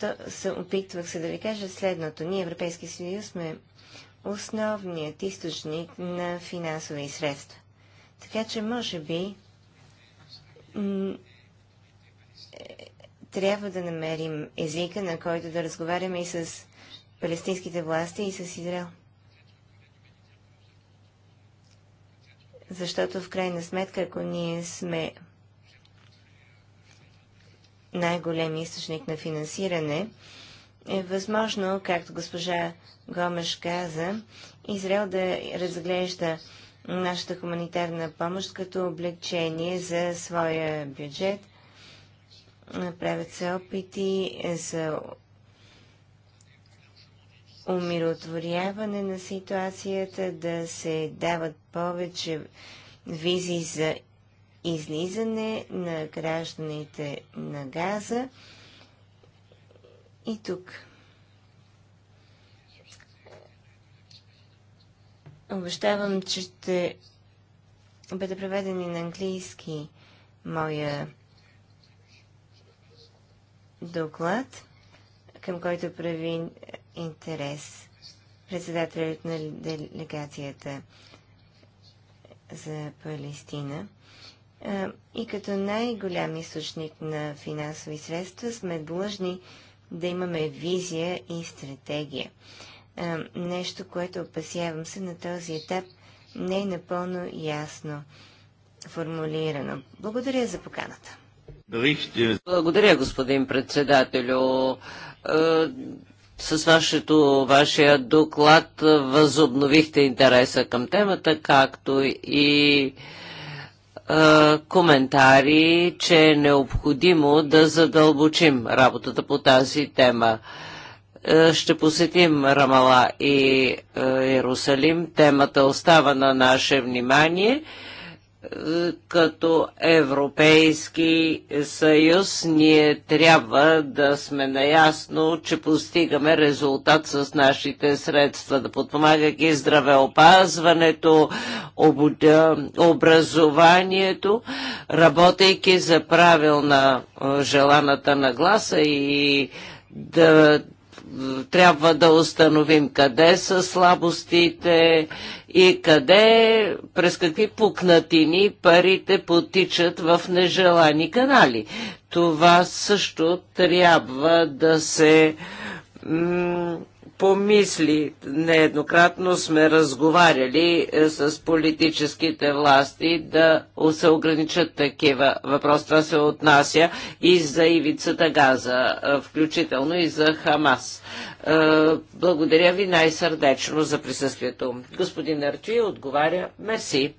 то, се, опитвах се да ви кажа следното. Ние, Европейски съюз, сме основният източник на финансови средства. Така че, може би, е, трябва да намерим езика, на който да разговаряме и с палестинските власти и с Израел. Защото в крайна сметка, ако ние сме най-големи източник на финансиране, е възможно, както госпожа Гомеш каза, Израел да разглежда нашата хуманитарна помощ като облегчение за своя бюджет. Правят се опити за умиротворяване на ситуацията, да се дават повече визи за излизане на гражданите на Газа. И тук обещавам, че ще бъде преведени на английски моя доклад, към който прави е, интерес. Председателят на делегацията за Палестина. И като най-голям източник на финансови средства сме длъжни да имаме визия и стратегия. Нещо, което опасявам се на този етап не е напълно ясно формулирано. Благодаря за поканата. Благодаря, господин председателю е, с вашето, вашия доклад възобновихте интереса към темата, както и коментари, че е необходимо да задълбочим работата по тази тема. Ще посетим Рамала и Иерусалим. Темата остава на наше внимание като Европейски съюз ние трябва да сме наясно, че постигаме резултат с нашите средства, да подпомагайки здравеопазването, образованието, работейки за правилна желаната нагласа и да трябва да установим къде са слабостите и къде, през какви пукнатини парите потичат в нежелани канали. Това също трябва да се помисли. Нееднократно сме разговаряли е, с политическите власти да се ограничат такива въпроси. Това се отнася и за ивицата Газа, е, включително и за Хамас. Е, благодаря ви най-сърдечно за присъствието. Господин Артюи отговаря. Мерси.